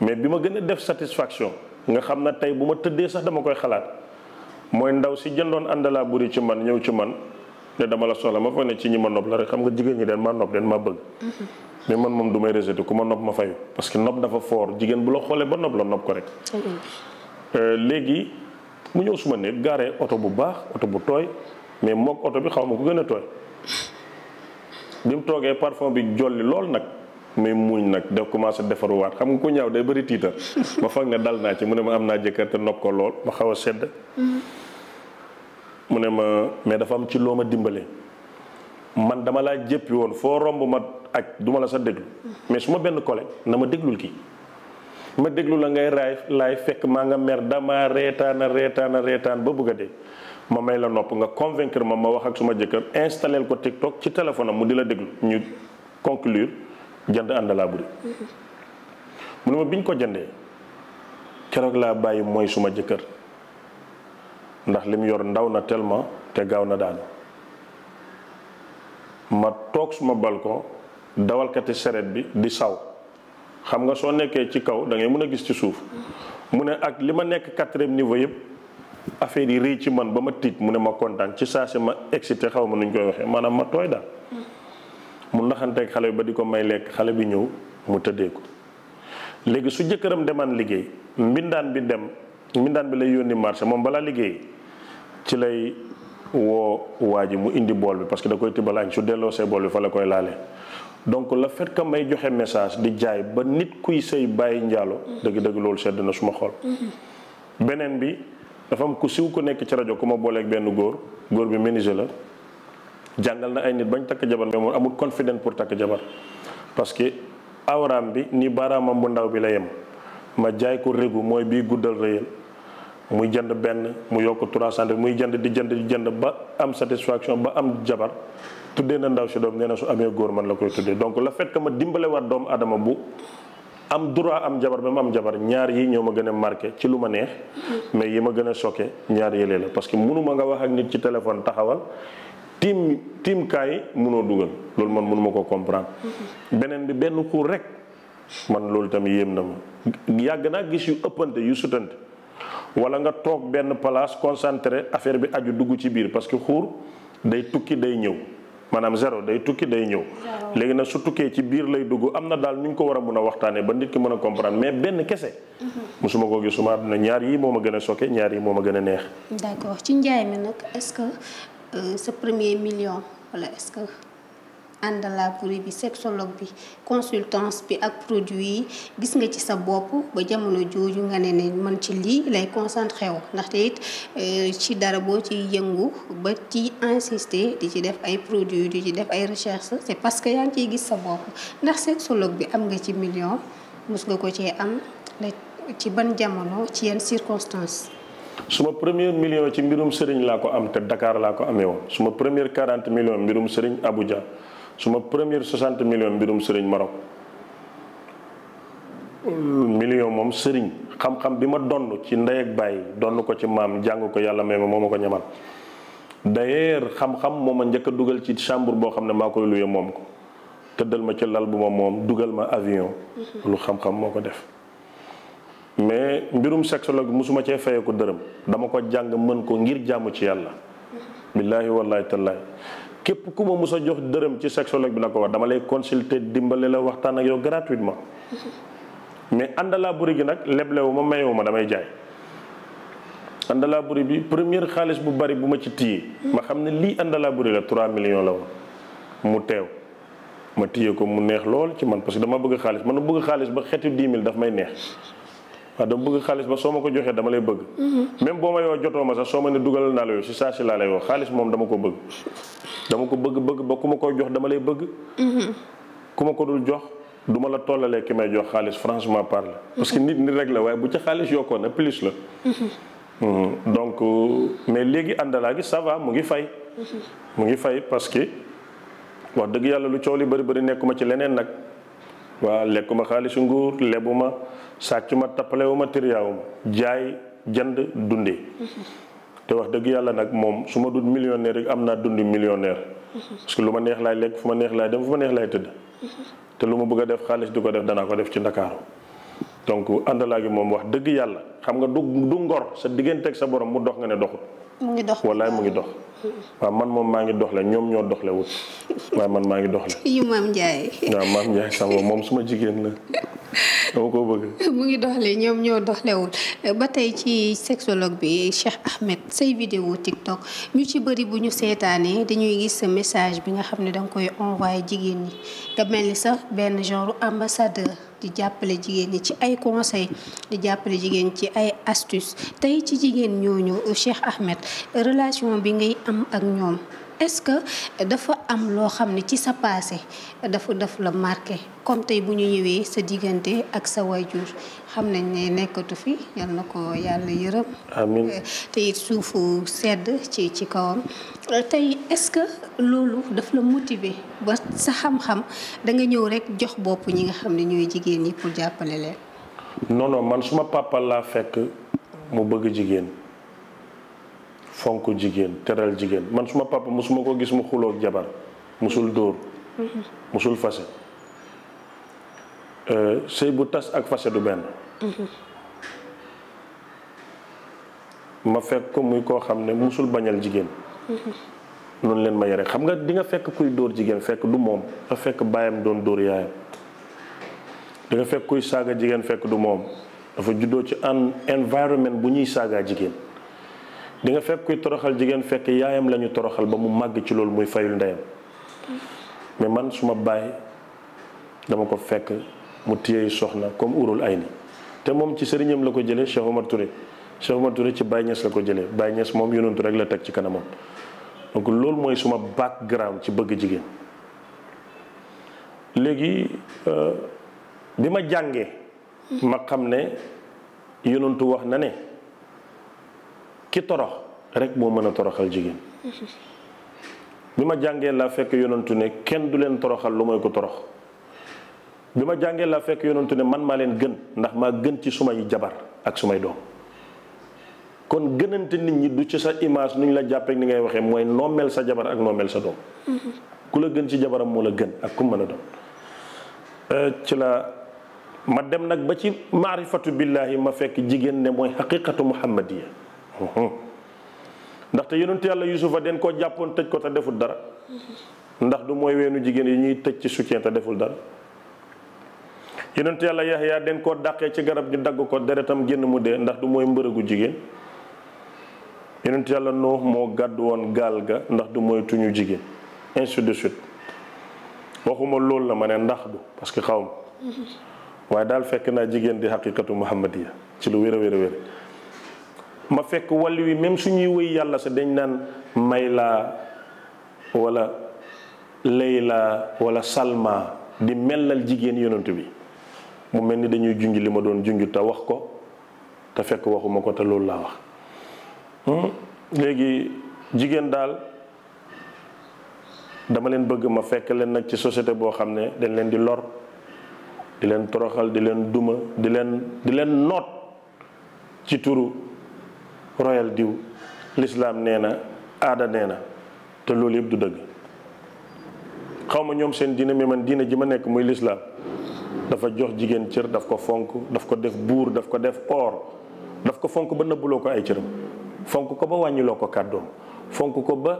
mais bi ma gën a def satisfaction. nga xam ne tey bu ma tëddee sax dama koy xalaat mooy ndaw si jëndoon àndalaa buri ci man ñëw ci man ne dama la soxla ma foog ne ci ñi ma nopp la rek xam nga jigéen ñi den maa nopp den maa bëgg. mais man moom du may rejeté ku ma nopp ma fayu parce que nopp dafa foor jigéen bu la xoolee ba nopp la nopp ko rek. Mm-hmm. Euh, léegi mu ñëw suma néeg gaaree oto bu baax oto bu tooy mais moog oto bi xaw ma ko gën a tooy bi mu toogee parfum bi jolli lool nag. mais muuñ nag da commencé defaruwaat xam nga ku ñaaw day bëri tiitar ma foog ne dal naa ci mu ne ma am naa jëkkër te nopp ko lool ma xaw a sedd mm-hmm. mu ne ma mais dafa am ci loo ma dimbale man dama laa jéppi foo romb ma aj duma la sa déglu mm-hmm. mais su benn collègue na ma déglul kii ma déglu la ngay laay fekk maa nga mer dama reetaana reetaana reetaan ba bëgg a dee ma may la nopp nga convaincre ma ma wax ak suma jëkkër installeel ko TikTok ci téléphone mu di la déglu ñu conclure jënd ànd laa buri mu ne ma biñ ko jëndee keroog laa bàyyi mooy suma jëkkër ndax li mu yor ndaw na tellement te gaaw na daanu ma toog suma balcon dawalkati seret bi di saw xam nga soo nekkee ci kaw da ngay mën a gis ci suuf mu ne ak li ma nekk quatrième niveau yëpp affaire yi rëy ci man ba ma tiit mu ne ma kontaan ci saa si ma excité xaw ma nuñ koy waxee maanaam ma tooy daal mu naxanteeg xale bi ba di ko may lekk xale bi ñëw mu tëddee ko léegi su jëkkëram demaan liggéey mbindaan bi dem mbindaan bi lay yónni marché moom balaa liggéey ci lay woo waa ji mu indi bool bi parce que da koy tibbal añ su delloo see bool bi fa la koy laale donc la fait que may joxe message di jaay ba nit kuy sëy bàyyi njaalo dëgg-dëgg loolu sedd na suma xol mm-hmm. beneen bi dafam ku siw ku nekk ci rajo ku ma booleeg benn góor góor bi menuisier la jàngal na ay nit bañ takk jabar mais moom amul confident pour takk jabar parce que awraam bi ni baaraamam bu ndaw bi la yem ma jaay ko régu mooy bii guddal rëyal muy jënd benn mu yokk trois cent muy jënd di jënd di jënd ba am satisfaction ba am jabar tuddee na ndaw si doom nee na su amee góor man la koy tuddee donc la fait ma dimbale waat doomu adama bu am droit am jabar ba mu am jabar ñaar yi ñoo ma gën a marqué ci lu ma neex mm-hmm. mais yi ma gën a choqué ñaar yëlee la parce que mënuma nga wax ak nit ci téléphone taxawal tiim tiim kaay munoo dugal loolu man mënuma koo comprendre. beneen bi benn cours rek man loolu tamit yéem na ma yàgg naa gis yu ëppante yu sutante wala nga toog benn place concentré affaire bi aju dugg ci biir parce que xuur day tukki day ñëw maanaam zéro day tukki day ñëw. léegi nag su tukkee ci biir lay dugg am na daal ni ñu ko war a mun a waxtaanee ba nit ki mën a comprendre mais benn kese. Mhm. mosuma ko gisuma àdduna ñaar yi moo ma gën a sokke ñaar yi moo ma gën a neex. d'accord sa euh, premier million wala est-ce que àndala pourri bi sexologue bi consultance bi ak produit yi gis nga ci sa bopp ba jamono jooju nga ne ne man ci lii lay concentré wu ndaxte it euh, ci dara boo ci yëngu ba ci insister di ci def ay produits di ci def ay recherche c'est parce que yaa ngi ciy gis sa bopp ndax sexologue bi am nga ci million mus nga ko cee am la ci ban jamono ci yenn circonstance su ma premier million ci mbirum sëriñ laa ko am te dakaar laa ko amee woon suma premier 40 million mbirum sëriñ Abuja suma premier 60 million mbirum sëriñ Maroc million moom sëriñ xam-xam bi ma donn ci ndey ak bàyyi donn ko ci maam jàng ko yàlla may ma moom ma ko ñamal d'ailleurs xam-xam moo ma njëkk dugal ci chambre boo xam ne maa koy luye moom ko tëddal ma ci lal bu ma moom dugal ma avion mm-hmm. lu xam-xam moo ko def mais mbirum sexologue mosuma cee fayee ko dërëm dama ko jàng mën ko ngir jàmm ci yàlla. billaahi wallaahi tallaahi képp ku ma mus a jox dërëm ci sexologue bi na ko wax dama lay consulter dimbale la waxtaan ak yow gratuitement. mais àndalaa buri gi nag leblewu ma mayewu ma damay jaay. àndalaa buri bi première xaalis bu bari bu ma ci téye. ma xam ne lii àndalaa buri la 3 millions la woon mu teew. ma téye ko mu neex lool ci man parce que dama bëgg xaalis man bëgg xaalis ba xeetu 10 000 daf may neex. waaw dama bëgg xaalis ba soo ma ko joxee dama lay bëgg mm-hmm. même boo ma yoo jotoo ma sax soo ma ne dugalal naa la yoo si saa si laa lay wax xaalis moom dama ko bëgg dama ko bëgg bëgg ba ku ma koy jox dama lay bëgg mm-hmm. ku ma ko dul jox duma la tollalee ki may jox xaalis franchement parler parce que nit nit rek la waaye bu ca xaalis yokkoo na plus la mm-hmm. donc mais léegi àndalaa gi ça mu ngi fay mu ngi fay parce que wax dëgg yàlla lu coow li bëri bëri nekkuma ci leneen nag waaw lekkuma xaalisu nguur sàccuma tappalewuma tiriyaawuma jaay jënd dunde te wax dëgg yàlla nag moom su ma dut millionnaire rek am naa dund millionaire parce lu ma neex laay lekk fu ma neex laay dem fu neex laay tëdd te lu ma bëgg a def xaalis di ko def danaa ko def ci ndakaaru donc àndalaa gi moom wax dëgg yàlla xam nga du du ngor sa diggante ak sa borom mu dox nga ne doxul mu ngi dox wallaay mu ngi dox waaw man moom maa ngi doxle ñoom ñoo doxle wut waaye man maa ngi doxle. yu maam Ndiaye. waaw maam Ndiaye sama moom suma jigéen la. dama ko bëgg. mu ngi doxle ñoom ñoo doxlewul ba tey ci sexolog bi Cheikh Ahmed say vidéo TikTok ñu ci bëri bu ñu seetaanee dañuy gis sa message bi nga xam ne danga koy envoyé jigéen ñi nga mel ni sax benn genre ambassadeur. di jàppale jigéen ñi ci ay conseil di jàppale jigéen ci ay astuce tey ci jigéen ñoo ñooñu Cheikh Ahmed relation bi ngay am ak ñoom est-ce que dafa am loo xam ne ci sa passé dafa daf la marqué comme tey bu ñu ñëwee sa diggante ak sa waajur xam nañ ne nekkatu fi yal na ko yàlla yërëm. amiin eh, te suufu sedd ci ci kawam tey est-ce que loolu daf la motiver ba sa xam-xam da nga ñëw rek jox bopp ñi nga xam ne ñooy jigéen ñi pour jàppale leen. non non man suma papa laa fekk mu bëgg jigéen. fonk jigéen teral jigéen man suma papa mosuma ko gis mu xuloog jabar mosul dóor mosul fase euh, sëy bu tas ak fase du benn ma fekk ko muy koo xam ne mosul bañal jigéen noonu leen ma yare xam nga di nga fekk kuy dóor jigéen fekk du moom fekk baayam doon dóor yaayam fekk kuy saaga jigéen fekk du moom dafa juddoo ci an environnement bu ñuy saagaa jigéen di nga fekk kuy toroxal jigéen fekk yaayam la ñu toroxal ba mu màgg ci loolu muy fayul ndeyam mais man suma baay dama ko fekk mu téye soxna comme urul ay ni te moom ci sëriñam la ko jëlee Cheikh Omar Touré Cheikh Omar ci Baye Niass la ko jëlee Baye Niass moom yonantu rek la teg ci kanamam donc loolu mooy suma background ci bëgg jigéen léegi euh, bi ma jàngee ma xam ne yonantu wax na ne ki torox rek moo mën a toroxal jigéen bi ma jàngee laa fekk yonantu ne kenn du leen toroxal lu mooy ko torox bi ma jàngee laa fekk yonantu ne man maa leen gën ndax maa gën ci sumay jabar ak sumay doom kon gënante nit ñi du ci sa image nu ñu la jàppee ni ngay waxee mooy nommeel sa jabar ak nommeel sa doom ku la gën ci jabaram moo la gën ak ku mën a doon euh, ci la ma dem nag ba ci maarifatu billahi ma fekk jigéen ne mooy xaqiqatu muhammadiya ndaxte yonent yàlla yusufa den koo jàppoon tëj ko te deful dara ndax du mooy weenu jigéen yi ñuy tëj ci soutien te deful dara yonent yàlla yaxya den koo dàqee ci garab gi dagg ko deretam génn mu dee ndax du mooy mbërëgu jigéen yonent yàlla noox moo gàddu woon gaal ga ndax du mooy jigéen ainsi de suite waxuma loolu la ma ne ndax du parce que xaw ma waaye daal fekk naa jigéen di xaqiqatu muhammadiya ci lu wér a wér ma fekk wàllu wi même suñuy wëy yàlla sa dañ naan may laa wala layla wala salma di mellal jigéen yonent bi mu mel ni dañuy junj li ma doon junj te wax ko te fekk waxuma ko te loolu laa wax hmm? léegi jigéen daal dama leen bëgg ma fekk leen nag ci société boo xam ne dañ leen di lor di leen toroxal di leen duma di leen di leen noot ci turu royal diw lislaam nee na aada nee na te loolu yëpp du dëgg xaw ma ñoom seen diine mais man diine ji ma nekk muy lislaam dafa jox jigéen cër daf ko fonk daf ko def buur daf ko def or daf ko fonk ba nëbbuloo ko ay cëram fonk ko ba wàññiloo ko kàddoom fonk ko ba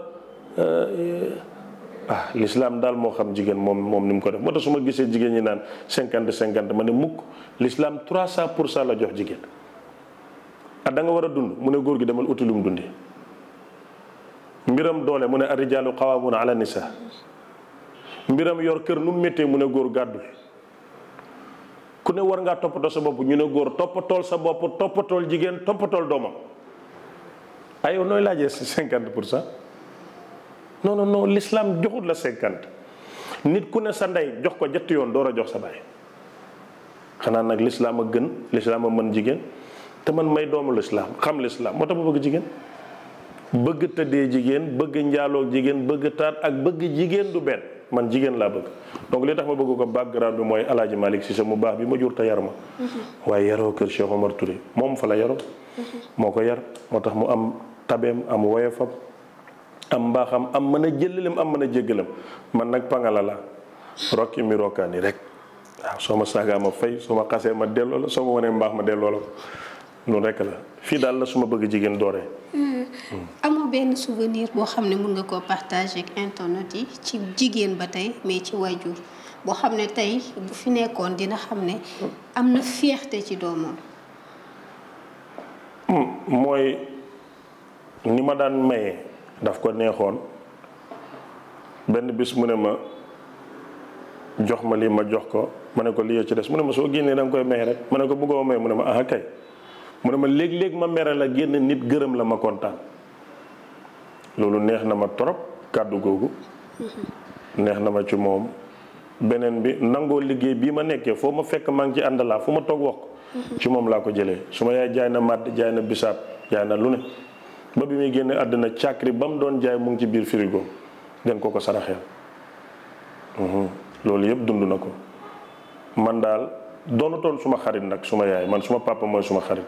euh, ah lislaam daal moo xam jigéen moom moom ni mu ko def moo tax su ma gisee jigéen ñi naan cinquante cinquante ma ne mukk lislaam trois cent pour cent la jox jigéen ah da nga war a dund mu ne góor gi demal uti lu mu dundi mbiram doole mu ne arrijaalu qawaamuuna ala nisa mbiram yor kër nu mu méttee mu ne góor gàddu ku ne war ngaa toppatoo sa bopp ñu ne góor toppatool sa bopp toppatool jigéen toppatool doomam ay nooy laajee cinquante pour cent non non non l'islam joxut la cinquante nit ku ne sa ndey jox ko jett yoon door a jox sa baay xanaa nag l'islam a gën l'islam a mën jigéen te man may doomu lislaam xam lislaam moo tax ma bëgg jigéen bëgg tëddee jigéen bëgg njaaloo jigéen bëgg taat ak bëgg jigéen du benn man jigéen laa bëgg donc li tax ma bëgg ko background bi mooy alaaji Malick Cissé mu baax bi ma jur te yar ma mhm. waaye yaroo kër Cheikh Omar Touré moom fa la yaroo mhm. moo ko yar moo tax mu am tabeem am woyofam am mbaaxam am mën a jëllalem am man a jéggalam man nag pangala la rokki mi rokkaani rek waaw soo ma saagaa ma fay su ma xasee ma delloo la soo mbaax ma delloo la loolu rekk la fii daal la su ma bëgg jigéen dooree. Hmm. amoo benn souvenir boo xam ne mun nga koo partager ak internet yi ci jigéen ba tey mais ci waajur boo xam ne tey bu fi nekkoon dina xam ne am na fierté ci doomam. Hmm. mooy ni ma daan maye daf ko neexoon benn bis mu ne ma jox ma lii ma jox ko ma ne ko lii ci des mu ne ma soo génnee da nga koy maye rek ma ne ko bëggoo maye mu ne ma ah kay. mu ne ma léeg-léeg ma mere la génn nit gërëm la ma kontaan loolu neex na ma trop kàddu googu neex na ma ci moom beneen bi nangoo liggéey bi ma nekkee foo ma fekk maa ngi ci àndalaa fu ma toog wax ci moom laa ko jëlee su ma yaay jaay na màdd jaay na bisaab jaay na lu ne ba bi muy génne àddina càkkri ba mu doon jaay mu ngi ci biir frigo den ko ko saraxeel mhm. loolu yëpp dund na ko man daal doonutoon suma xarit nag suma yaay man suma papa mooy suma xarit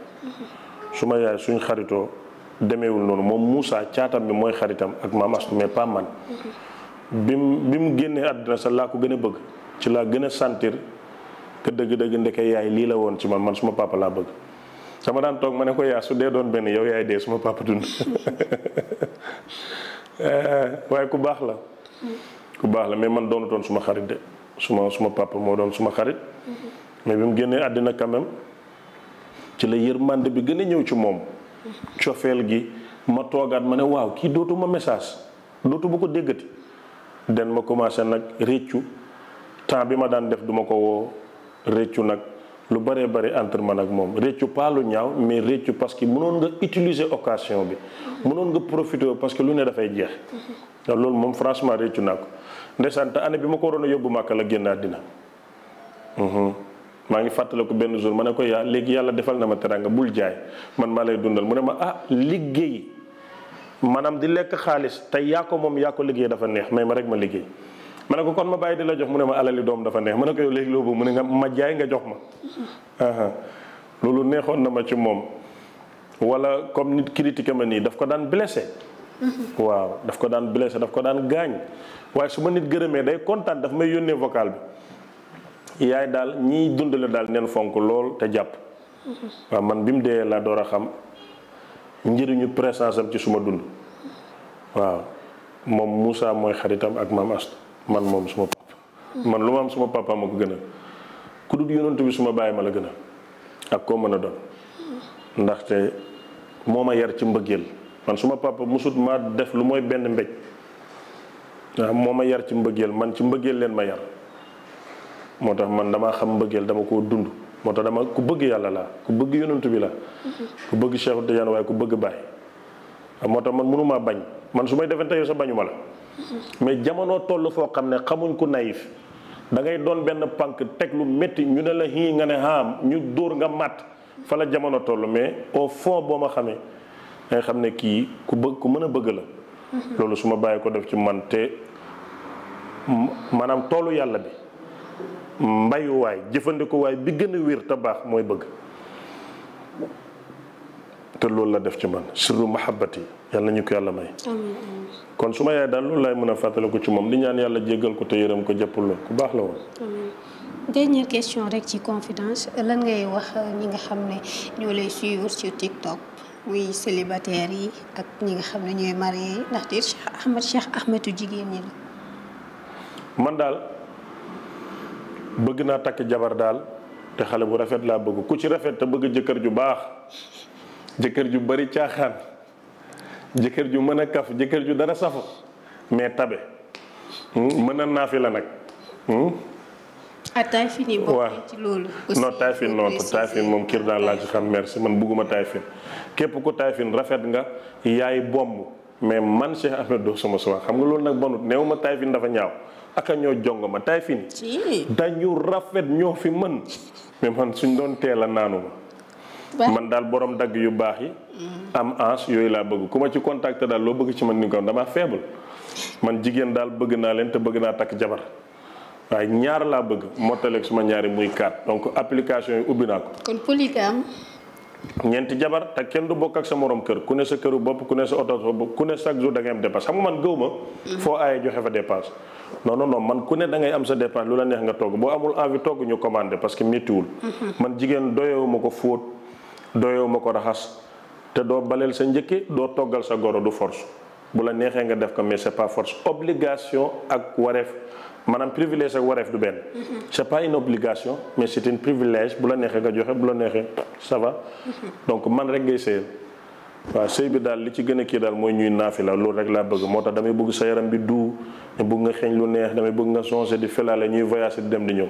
suma yaay suñ xaritoo demewul noonu moom Moussa caatam bi mooy xaritam ak maam Astou mais pas man bi mu bi mu génnee àddina sax laa ko gën a bëgg ci laa gën a sentir que dëgg-dëgg ndeke yaay lii la woon ci man man suma papa laa bëgg sama daan toog ma ne ko yaa su dee doon benn yow yaay dee suma papa dund eh, waaye ku baax la ku baax la mais man doonutoon suma xarit de suma suma papa moo doon suma xarit mais bi mu génnee àddina quand même ci la yërmande bi gën a ñëw ci moom cofeel gi ma toogaat ma ne waaw kii dootuma message ba ko déggati den ma commencé nag réccu temps bi ma daan def duma ko woo réccu nag lu bëree bëri entre ma nag moom réccu pas lu ñaaw mais réccu parce que mënoon nga utiliser occasion bi mënoon nga profité parce que lu ne dafay jeex mm-hmm. te loolu moom franchement réccu naa ko ndeysaan te bi ma ko waroon a yóbbu màkka la génn àddina mm-hmm. maa ngi fàttale fàttaliku benn jour ma ne ko yaa léegi yàlla defal na ma teranga bul jaay man maa lay dundal mu ne ma ah liggéey maanaam di lekk xaalis te yaa ko moom yaa ko liggéey dafa neex mais ma rek ma liggéey. ma ne ko kon ma bàyyi di jox mu ne ma alali doom dafa neex ma ne ko yow léegi loo ma jaay nga jox ma. loolu neexoon na ma ci moom walla comme nit critiqué ma nii daf ko daan blessé. waaw daf ko daan blessé daf ko daan gaañ waaye su ma nit gërëmee day kontaan daf may yónnee vocal bi. yaay daal ñiy dundale daal neen fonk lool te jàpp waaw man bi mu dee laa door a xam njëriñu présence am ci suma dund waaw moom Moussa mooy xaritam ak maam Astu man moom suma papa man lu ma am suma papa ma gën a ku dut suma bàyyi ma la gën a ak koo mën a doon ndaxte moo ma yar ci mbëggeel man suma papa musut ma def lu mooy benn mbéj waaw moo ma yar ci mbëggeel man ci mbëggeel leen ma yar moo tax man damaa xam mbëggeel dama koo dund moo tax dama ku bëgg yàlla laa ku bëgg yonent bi la mhm. ku bëgg Cheikh Tidiane waaye ku bëgg Baay moo tax man mënumaa bañ man su may defante yow sa bañuma la mhm. mais jamono toll foo xam ne xamuñ ku naïf da ngay doon benn pànk teg lu métti ñu ne la xii nga ne haam ñu dóor nga màtt fa la jamono toll mais au fond boo ma xamee nga xam ne kii ku bëgg ku mën a bëgg la mhm. loolu su ma bàyyi ko def ci man te maanaam toolu yàlla bi mbayuwaay jëfandikuwaay bi gën a wér te baax mooy bëgg te loolu la def ci man sirru mahabbati yàlla ñu ko yàlla may kon su ma yaay daal loolu laay mën a fàttale ko ci moom di ñaan yàlla jéggal ko te yërëm ko jëppul lool ku baax la woon dernière question rek ci confidence lan ngay wax ñi nga xam ne ñoo lay suivre ci TikTok muy célibataire yi ak ñi nga xam ne ñooy marié yi ndaxte Cheikh Ahmed Cheikh Ahmedou jigéen ñi la man daal bëgg naa takk jabar daal te xale bu rafet laa bëgg ku ci rafet te bëgg jëkkër ju baax jëkkër ju bari caaxaan jëkkër ju mën a kaf jëkkër ju dana safa mais tabe hmm? mën a naafi la nag hmm? ah Taïfin yi bokk ci loolu. aussi noonu Taïfin moom kër daal laa ci xam merci man bugguma Taïfin képp ku Taïfin rafet nga yaay bomb mais man Cheikh Ahmed doo sama suwa xam nga loolu nag bonut néew ma Taïfin dafa ñaaw. ak a ñoo jongoma tay fin dañu rafet ñoo fi mën mais man suñ doon teela naanu ma man daal borom dagg yu baax yi mm. am ange yooyu laa bëgg ku ma ci contacté daal loo bëgg ci man ni ko damaa faible man jigéen daal bëgg naa leen te bëgg naa takk jabar waaye ñaar laa bëgg mottaleeg suma ñaari muy kaat donc application yi ubbi naa ko ñeenti jabar te kenn du bokk ak sa moroom kër ku ne sa këru bopp ku ne sa oto bopp ku ne chaque jour da ngay am dépense xam nga man gëw foo aaye joxe fa dépense. non non man ku ne da ngay am sa dépense lu la neex nga togg boo amul envie togg ñu commandé parce que méttiwul. Mhm. man jigéen doyewu ma ko fóot doyewu ma ko raxas te doo baleel sa njëkki doo toggal sa goro du force bu la neexee nga def ko mais c'est pas force obligation ak wareef maanaam privilège ak wareef du benn. c'est pas une obligation mais c'est une privilège bu la neexee nga joxe bu la neexee ça va. donc man rek ngay sëyal waa sëy bi daal li ci gën a kii daal mooy ñuy naafila loolu rek laa bëgg moo tax damay bëgg sa yaram bi du ne bëgg nga xeeñ lu neex damay bëgg nga songé di felaale ñuy voyage di dem di ñëw.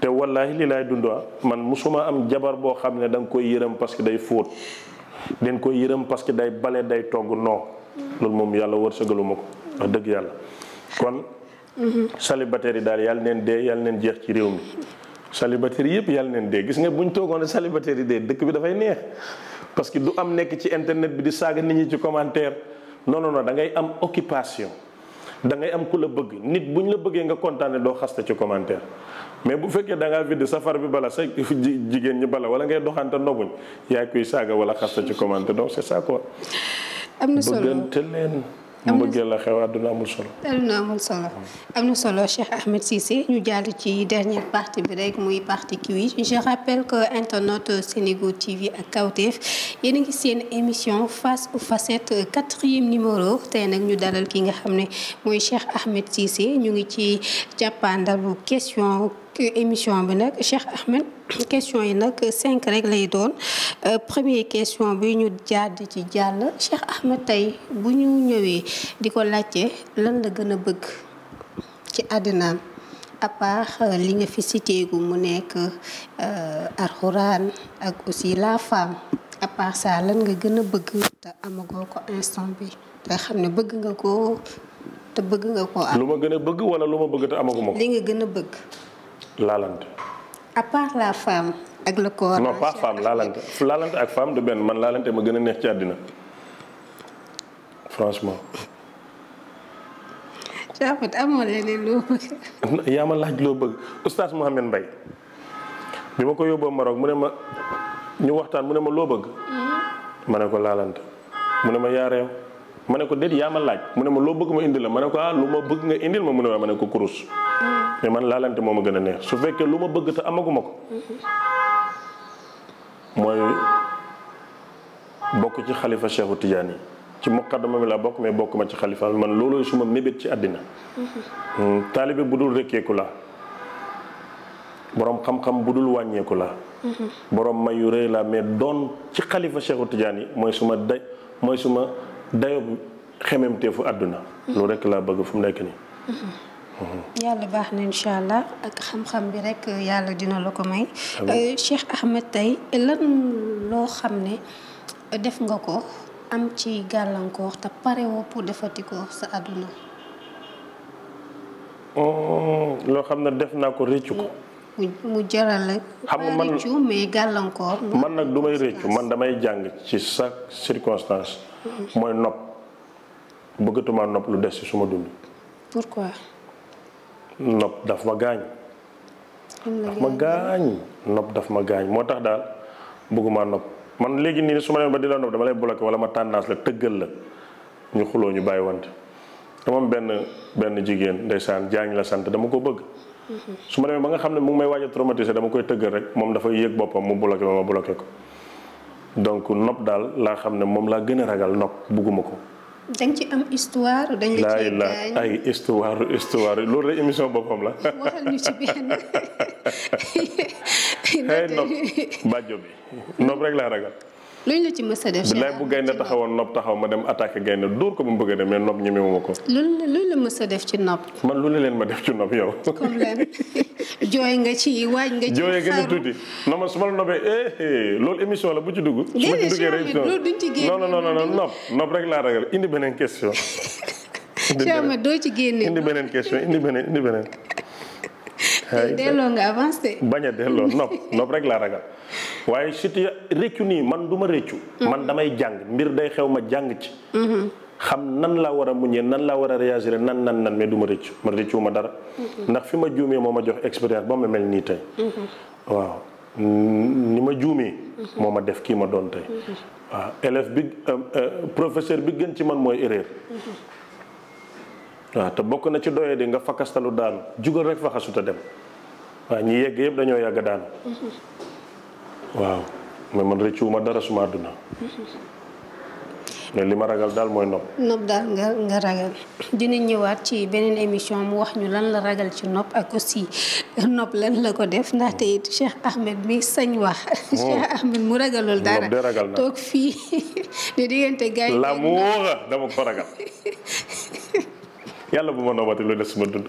te wallaahi li laay dund ah. man musuma am jabar boo xam ne danga nga koy yërëm parce que day fóot den koy yërëm parce que day bale day togg non loolu moom yàlla wërsëgaluma ko wax dëgg yàlla célibataire yi daal yàlla neen dee yàlla neen jeex ci réew mi célibataire yëpp yàlla neen dee gis nga bu ñu toogoon célibataire yi dee dëkk bi dafay neex parce que du am nekk ci internet bi di saaga nit ñi ci commentaire non non non am occupation da ngay am ku la bëgg nit buñ la bëggee nga kontaane doo xasta ci commentaire mais bu fekkee da ngaa sa safar bi bala sa jigéen ñi bala wala ngay doxante ndobuñ yaay kuy saaga wala xasta ci commentaire donc c'est ça am na solo mu bëggee la xew àdduna amul solo. àdduna amul solo am na solo Cheikh Ahmed Cissé ñu jàll ci dernière partie bi rek muy partie quiz je rappelle que internet Sénégo TV ak Kawtef yéen a ngi seen émission face aux facettes quatrième numéro tey nag ñu dalal ki nga xam ne mooy Cheikh Ahmed Cissé ñu ngi ci jàppandalu question. émission bi nag Cheikh Ahmed question yi nag cinq rek lay doon euh, premier question bi ñu jàdd ci jàll Cheikh Ahmed tey bu ñu ñëwee di ko laajte lan la gën a bëgg ci àddinaam à euh, li nga fi citeegu mu nekk euh, alxuraan ak aussi la femme à part lan nga gën a bëgg te amagoo ko instant bi te xam ne bëgg nga ko te bëgg nga ko am lu ma gën a bëgg wala lu ma bëgg te amaguma ko li nga gën a bëgg laalante. à part la femme ak le corps. non pas femme laalante laalante ak femme du benn man laalante ma gën a neex ci àddina franchement. Chafat amoo leneen loo bëgg. yaa ma laaj loo bëgg oustaz Mouhamed Mbaye bi ma ko yóbboo Maroc mu ne ma ñu waxtaan mu ne ma loo bëgg. Mm-hmm. ma ne ko laalante mu ne ma yaa ma ne ko déet yaa ma laaj mu ne ma loo bëgg ma indi la ma ne ko ah lu ma bëgg nga indil ma mu ne ma ne ko kurus mm. mais man laalante moo ma gën a neex su fekkee lu ma bëgg te amaguma ko mm-hmm. mooy bokk ci xalifa Cheikhu Tidiane yi ci muqaddama mi laa bokk mais bokk ma ci xalifa man loolooy suma mébét ci àddina mm-hmm. mm, taalibe bu dul rekkeeku la boroom xam-xam bu dul wàññeeku la mm-hmm. boroom mayu rëy la mais doon ci xalifa Cheikhu Tidiane yi mooy suma daj mooy suma dayoo xememteefu àdduna. loolu rek laa bëgg fu mu nekk nii. Mm-hmm. yàlla baax na incha allah ak xam-xam bi rek yàlla dina la ko may. Euh, Cheikh Ahmed tey lan loo xam ne def nga ko am ci gàllankoor te pare pour defati ko sa àdduna. Mm, loo xam ne def naa ko réccu ko. Mm. mu jaral la. xam ma man rëccu gàllankoor. man nag du may rëccu man damay jàng ci chaque circonstance. Mm-hmm. mooy nopp bëggatuma nopp lu des ci suma dund. pourquoi. nopp daf ma gaañ. daf nopp daf ma gaañ moo tax daal bëgguma nopp man léegi nii su ma ba di la nopp dama lay bloqué wala ma tendance la tëggal la ñu xuloo ñu bàyyi wante dama benn benn jigéen ndeysaan jaañ la sant dama ko bëgg. Mhm. su ma demee ba nga xam ne mu ngi may waaj a dama koy tëggal rek moom dafa yëg boppam mu bloqué ma ma bloqué ko donc nopp daal laa xam ne moom laa gën a ragal nopp bugguma ko. dañ ci am ay histoire histoire loolu rek émission boppam la. waxal bàjjo bi nopp rek laa ragal. luñ la ci mës a def. bilaay bu gaynde taxawoon nopp taxaw ma dem attaqué gaynde dóor ko ba mu bëgg a dem mais nopp ñemewuma ko. luñ la la mës def ci nopp. man lu la leen ma def ci nopp yow. comme lan jooy nga ci nga ci. jooy nga ci tuuti non su ma la noppee eh, eh loolu émission la bu ci dugg. su ma ci duggee rek loolu duñ ci génn non non nopp nopp rek laa ragal indi beneen question. indi beneen doo ci génne beneen question indi beneen indi beneen. delloo bañ a delloo nopp nopp rek laa ragal waaye surtout réccu nii man du ma réccu. Mhm. man damay jàng mbir day xew ma jàng ci. Mhm. xam nan laa war a muñee nan laa war a réagir nan nan nan mais du ma réccu ma réccu ma dara. Mhm. ndax fi ma juumee moo ma jox expérience ba ma nii tey. ma juumee. moo def kii ma doon tey. waaw élève bi euh, euh, professeur bi gën ci man mooy erreur. waaw te bokk na ci doye di nga fakkastalu daanu jugal rek faxasuta dem waaw ñi yegg yëpp dañoo yàgg daan waaw mais man rëccuwuma dara suma àdduna mais li ma ragal daal mooy nopp nopp daal nga nga ragal dina ñëwaat ci beneen émission mu wax ñu lan la ragal ci nopp ak aussi nopp lan la ko def ndaxte it Cheikh Ahmed mi sañ wax hmm. Cheikh Ahmed mu ragalul dara toog fii di diggante gaay la mu wóora dama ko ragal yàlla bu ma noppati lu des suma dund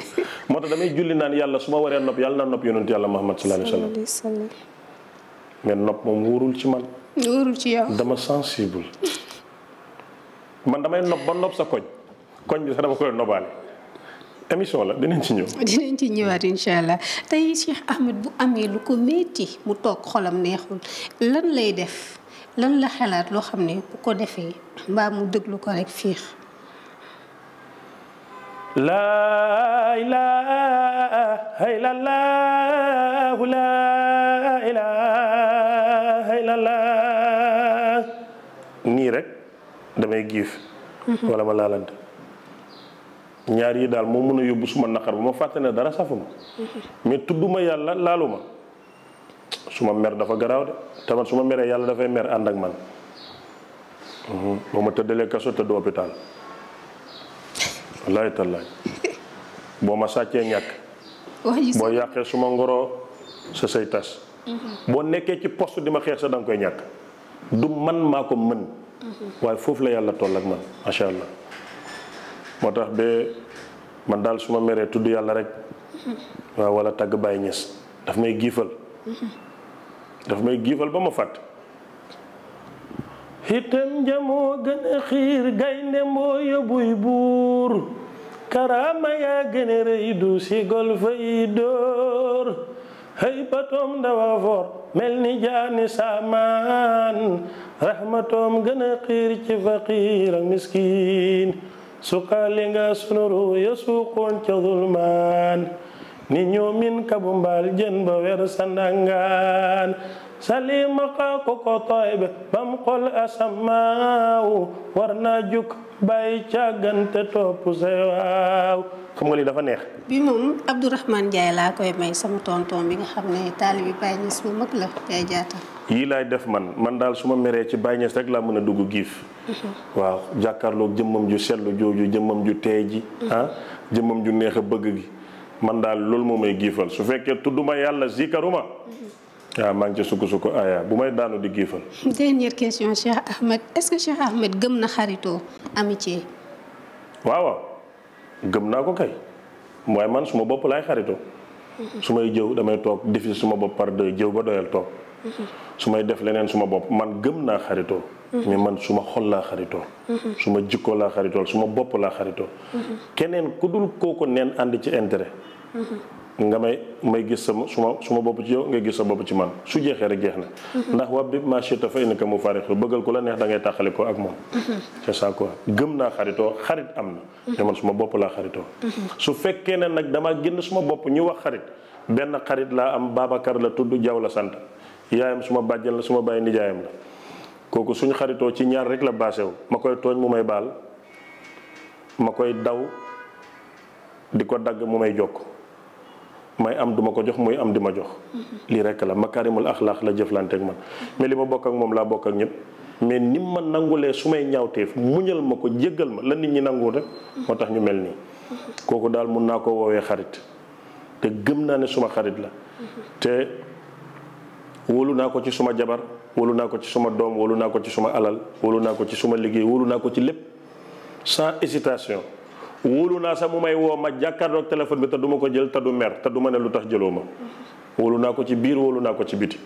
moo tax damay julli naan yàlla su ma waree nopp yàlla naa nopp yonent yàlla Muhammad sallallahu alayhi wa sallam mais nopp moom wóorul ci man. wóorul ci yow dama sensible. man damay nopp ba nopp sa koñ koñ bi sax dama koy nobbaale émission la dinañ ci ñëw. dinañ ci ñëwaat incha allah tey Cheikh Ahmed bu amee lu ko metti mu toog xolam neexul lan lay def lan la xalaat loo xam ne bu ko defee mbaa mu déglu ko rek fiix laa ilaaha illallaah laa ilaaha illallaah nii rek damay giif mhm. wala ma laalante ñaar yi daal moo mën a yóbbu suma naqar bu ma fàtte ne dara safuma mhm. mais tudduma yàlla laaluma suma mer dafa garaaw de tamit suma meree yàlla dafay mer ànd ak man mhm. boo ma tëddalee kaso tëdd hôpital wallaay tallaay boo ma sàccee ñàkk. boo yàqee suma ngoro sa say tas. boo nekkee ci poste di ma xeex sa da koy ñàkk du man maa ko mën. waaye foofu la yàlla toll ak man macha allah. moo tax ba man daal su ma meree tudd yàlla rek. waa wala tagg baay ñes daf may giifal. daf may giifal ba ma fàtt. xitam jamoo gën a xiir gaynde moo yóbbuy karaama yaa gën a rëy si gol fa yi dóor xëy batoom dawa foor mel ni jaani saamaan rahmatoom gën a xiir ci faqiir ak miskiin suqaali nga sunuru ya suuqoon ca zulmaan ni ñoomin kabu mbaal jën ba wer sandangaan salimaqa koko tooy be bam xol asamaaw war naa juk bàyyi càggante topp sewaaw xam nga lii dafa neex bi moom Abdourahmane Ndiaye laa koy may sama tonton bi nga xam ne taalibi Baye Niass bu la Ndiaye Diatta yii laay def man man daal su ma meree ci Baye Niass laa mën a dugg giif mhm. waaw jàkkaarloog jëmmam ju sellu jooju jëmmam ju teey ji mhm. ah jëmmam ju neex a bëgg gi man daal loolu moo may giifal su fekkee ma yàlla zikaruma mhm. waaw ah, maa ngi ci sukk sukk aya ah, bu may daanu di géefal. dernière question Cheikh Ahmed est-ce que Cheikh Ahmed gëm na xaritoo amitié. waaw waaw gëm naa ko kay mooy man suma bopp laay xaritoo su may jëw damay toog defi suma bopp par deux jëw ba doyal toog. su may def leneen suma bopp man gëm naa xaritoo man suma xol laa xaritoo suma jikko laa xaritoo suma bopp laa xaritoo keneen ku dul kooku neen ànd ci intérêt. nga may may gis sama suma suma bopp ci yow nga gis sa bopp ci man su jeexee rek jeex na. Mhm. ndax waa bi marché ta fay na ko mu farixlu bëggal ko la neex da ngay ko ak moom. Mhm. c'est ça quoi gëm naa xaritoo xarit am na. Mhm. te man suma bopp laa xaritoo. su fekkee ne nag damaa génn suma bopp ñu wax xarit benn xarit laa am Babacar la tudd Diaw la sant yaayam suma bàjjan la suma bàyyi nijaayam la kooku suñu xaritoo ci ñaar rek la baasew ma koy tooñ mu may baal koy daw di ko dagg mu may jokk. may am duma ko jox muy am di ma jox lii rekk la makaarimul axlaax la jëflante ak man mais li ma bokk ak moom laa bokk ak ñëpp mais ni ma nangulee su may ñaawteef muñal ma ko jéggal ma la nit ñi nanguwul rek moo tax ñu mel nii kooku daal mun naa ko woowee xarit te gëm naa ne suma xarit la te wóolu naa ko ci suma jabar wóolu naa ko ci suma doom wóolu naa ko ci suma alal wóolu naa ko ci suma liggéey wóolu naa ko ci lépp sans hésitation wóolu naa sax mu may woo ma jàkkaarloog téléphone bi te duma ko jël te du mer te du ma ne lu tax jëloo ma wóolu naa ko ci biir wóolu naa ko ci biti.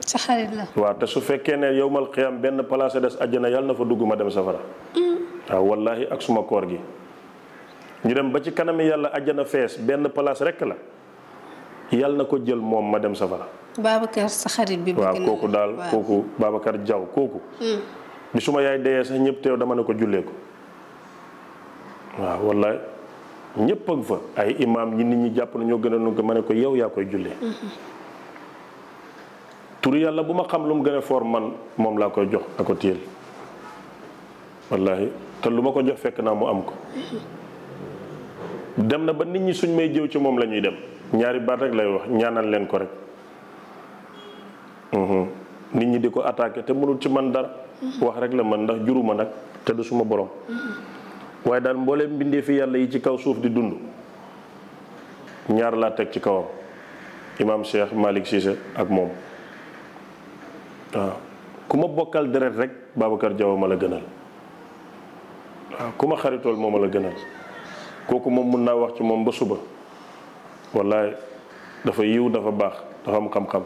sa xarit la. waaw te su fekkee ne yowmal xiyaam benn place des àjjana yàlla na fa dugg ma dem safara. waaw wallaahi ak suma koor gi. ñu dem ba ci kanami yàlla àjjana fees benn place rek la yàlla na ko jël moom ma dem safara. Babacar sa xarit bi. waaw kooku daal kooku Babacar Diaw kooku. Mm. suma yaay deyee sax ñëpp teew dama ne ko jullee waaw wala ñëpp a fa ay imaam ñi nit ñi jàpp nañoo gën a nu ma ne ko yow yaa koy jullee mm-hmm. turu yàlla bu ma xam lu mu gën a foor man moom laa koy jox ako téyel wallaahi te lu ma ko jox fekk naa mu am ko mm-hmm. dem na ba nit ñi suñ may jëw ci moom la ñuy dem ñaari baat rek lay wax ñaanal leen ko rek mm-hmm. nit ñi di ko attaqué te mënul ci man dara wax rek la man ndax juruma nag te du suma borom waaye daal mbooleem mbindeefi yàlla yi ci kaw suuf di dund ñaar laa teg ci kawam imaam Cheikh Malick Cissé ak moom waaw ku ma bokkal deret rek Babacar Diaw ma la gënal waaw ku ma xaritool moom la gënal kooku moom mun naa wax ci moom ba suba wallaay dafa yiw dafa baax dafa am xam-xam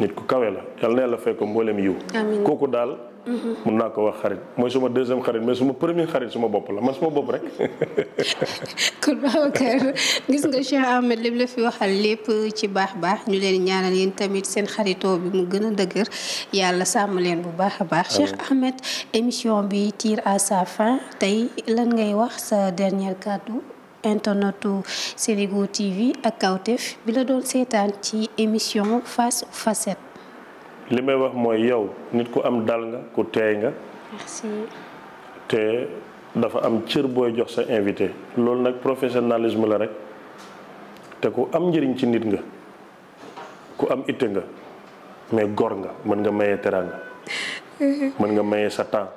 nit ku kawe la yal na yàlla fay ko mboolem yiw kooku daal mhm. mun naa ko wax xarit mooy suma deuxième xarit mais suma premier xarit suma bopp la man suma bopp rek. kon Babacar gis nga Cheikh Ahmed lim la fi waxal lépp ci baax baax ñu leen ñaanal yéen tamit seen xaritoo bi mu gën a dëgër yàlla sàmm leen bu baax a baax. Cheikh Ahmed émission bi tire à sa fin tey lan ngay wax sa dernier kàddu. internetu Sénégo TV ak Kawtef bi la doon seetaan ci émission face aux li may wax mooy yow nit ku am dal nga ku teey nga. te dafa am cër booy jox sa invité loolu nag professionnalisme la rek te ku am njëriñ ci nit nga ku am itte nga mais gor nga mën nga mayee teraanga. mën nga maye sa temps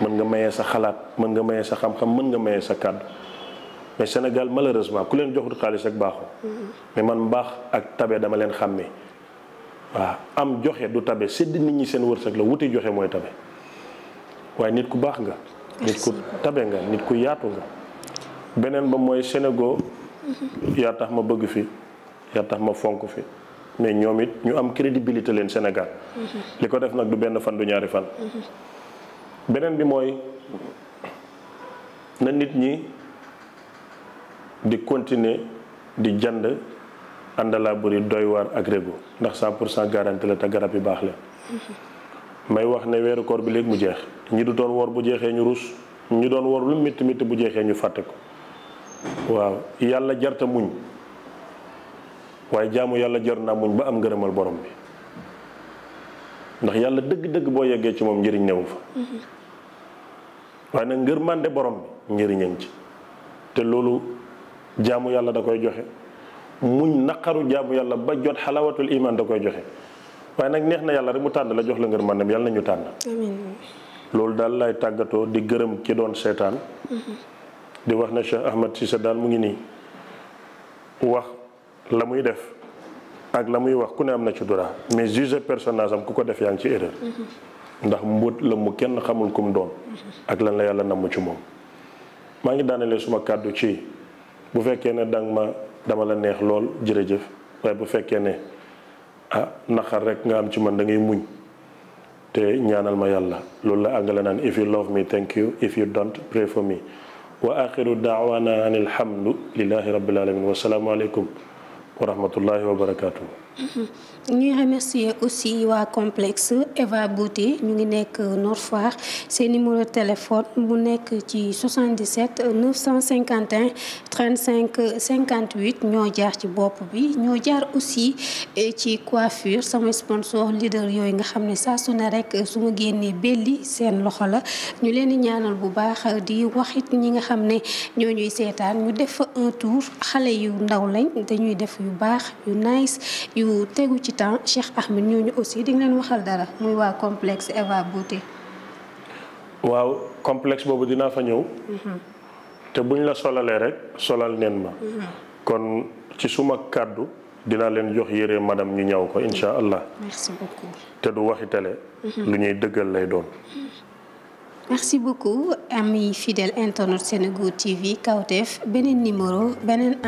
mën nga mayee sa xalaat mën nga mayee sa xam-xam mën nga maye sa kàddu. mais Sénégal malheureusement ku leen joxul xaalis ak baaxu mais man mbaax ak tabe dama leen xàmmee waaw am joxe du tabe sedd nit ñi seen wërsëg la wuti joxe mooy tabe waaye nit ku baax nga. nit ku tabe nga nit ku yaatu nga. beneen ba mooy Sénégal yaa tax ma bëgg fi yaa tax ma fonk fi mais ñoom it ñu am crédibilité leen Sénégal. li ko def nag du benn fan du ñaari fan. beneen bi mooy na nit ñi. di continuer di jand àndalaa buri doy waar ak régu ndax 100 pour cent garanti la te garab yi baax la may wax ne weeru koor bi léegi mu jeex ñi du doon woor bu jeexee ñu rus ñu doon wor lu métti métti bu jeexee ñu fàtte ko waaw yàlla jarta muñ waaye jaamu yàlla jar naa muñ ba am ngërëmal borom bi ndax yàlla dëgg-dëgg boo yeggee ci moom njëriñ newu fa mm-hmm. waaye nag ngërmande borom bi njëriñam ci te loolu jaamu yàlla da koy joxe mu naqaru jaamu yàlla ba jot xalawatul iman da koy joxe waaye nag neex na yàlla rek mu tànn la jox la ngër màndam yàlla ñu tànn loolu daal lay tàggatoo di gërëm ki doon seetaan di wax na Cheikh Ahmed Cissé daal mu ngi nii wax la muy def ak la muy wax ku ne am na ci droit mais juge personnage am ku ko def yaa ngi ci erreur ndax mbut la mu kenn xamul kum doon ak lan la yàlla namm ci moom maa ngi daanelee suma kàddu ci bu fekkee ne dang ma dama la neex lool jërëjëf waaye bu fekkee ne ah naqar rek nga am ci man dangay muñ te ñaanal ma yàlla loolu la àngale naan if you love me thank you if you don't pray for me wa axiru daawana an alhamdu lillahi rabbil alamin wasalaamualeykum wa rahmatullahi wa barakatuh ñuy remercier aussi waa complexe Eva Beauté ñu ngi nekk Nord seen numéro téléphone mu nekk ci 77 951 35 58 ñoo jaar ci bopp bi ñoo jaar aussi eh, ci coiffure sama sponsor leader yooyu nga xam ne saasu na ne rek eh, su ma génnee belli seen loxo la ñu leen di ñaanal bu baax di waxit ñi nga xam ne ñoo ñuy seetaan ñu def fa un tour xale yu ndaw lañ dañuy def yu baax yu nice yu tegu ci temps Cheikh Ahmed ñooñu aussi di leen waxal dara muy waa complexe Eva Beauté. waaw complexe boobu dinaa fa ñëw. Mhm. te buñ la solalee rek solal neen ma. Mhm. kon ci suma kàddu dinaa leen jox yére madame ñu ñaw ko incha allah. te du waxi télé. Mhm. lu ñuy dëggal lay doon. merci beaucoup ami fidèle internet Senego TV Kawtef beneen numéro beneen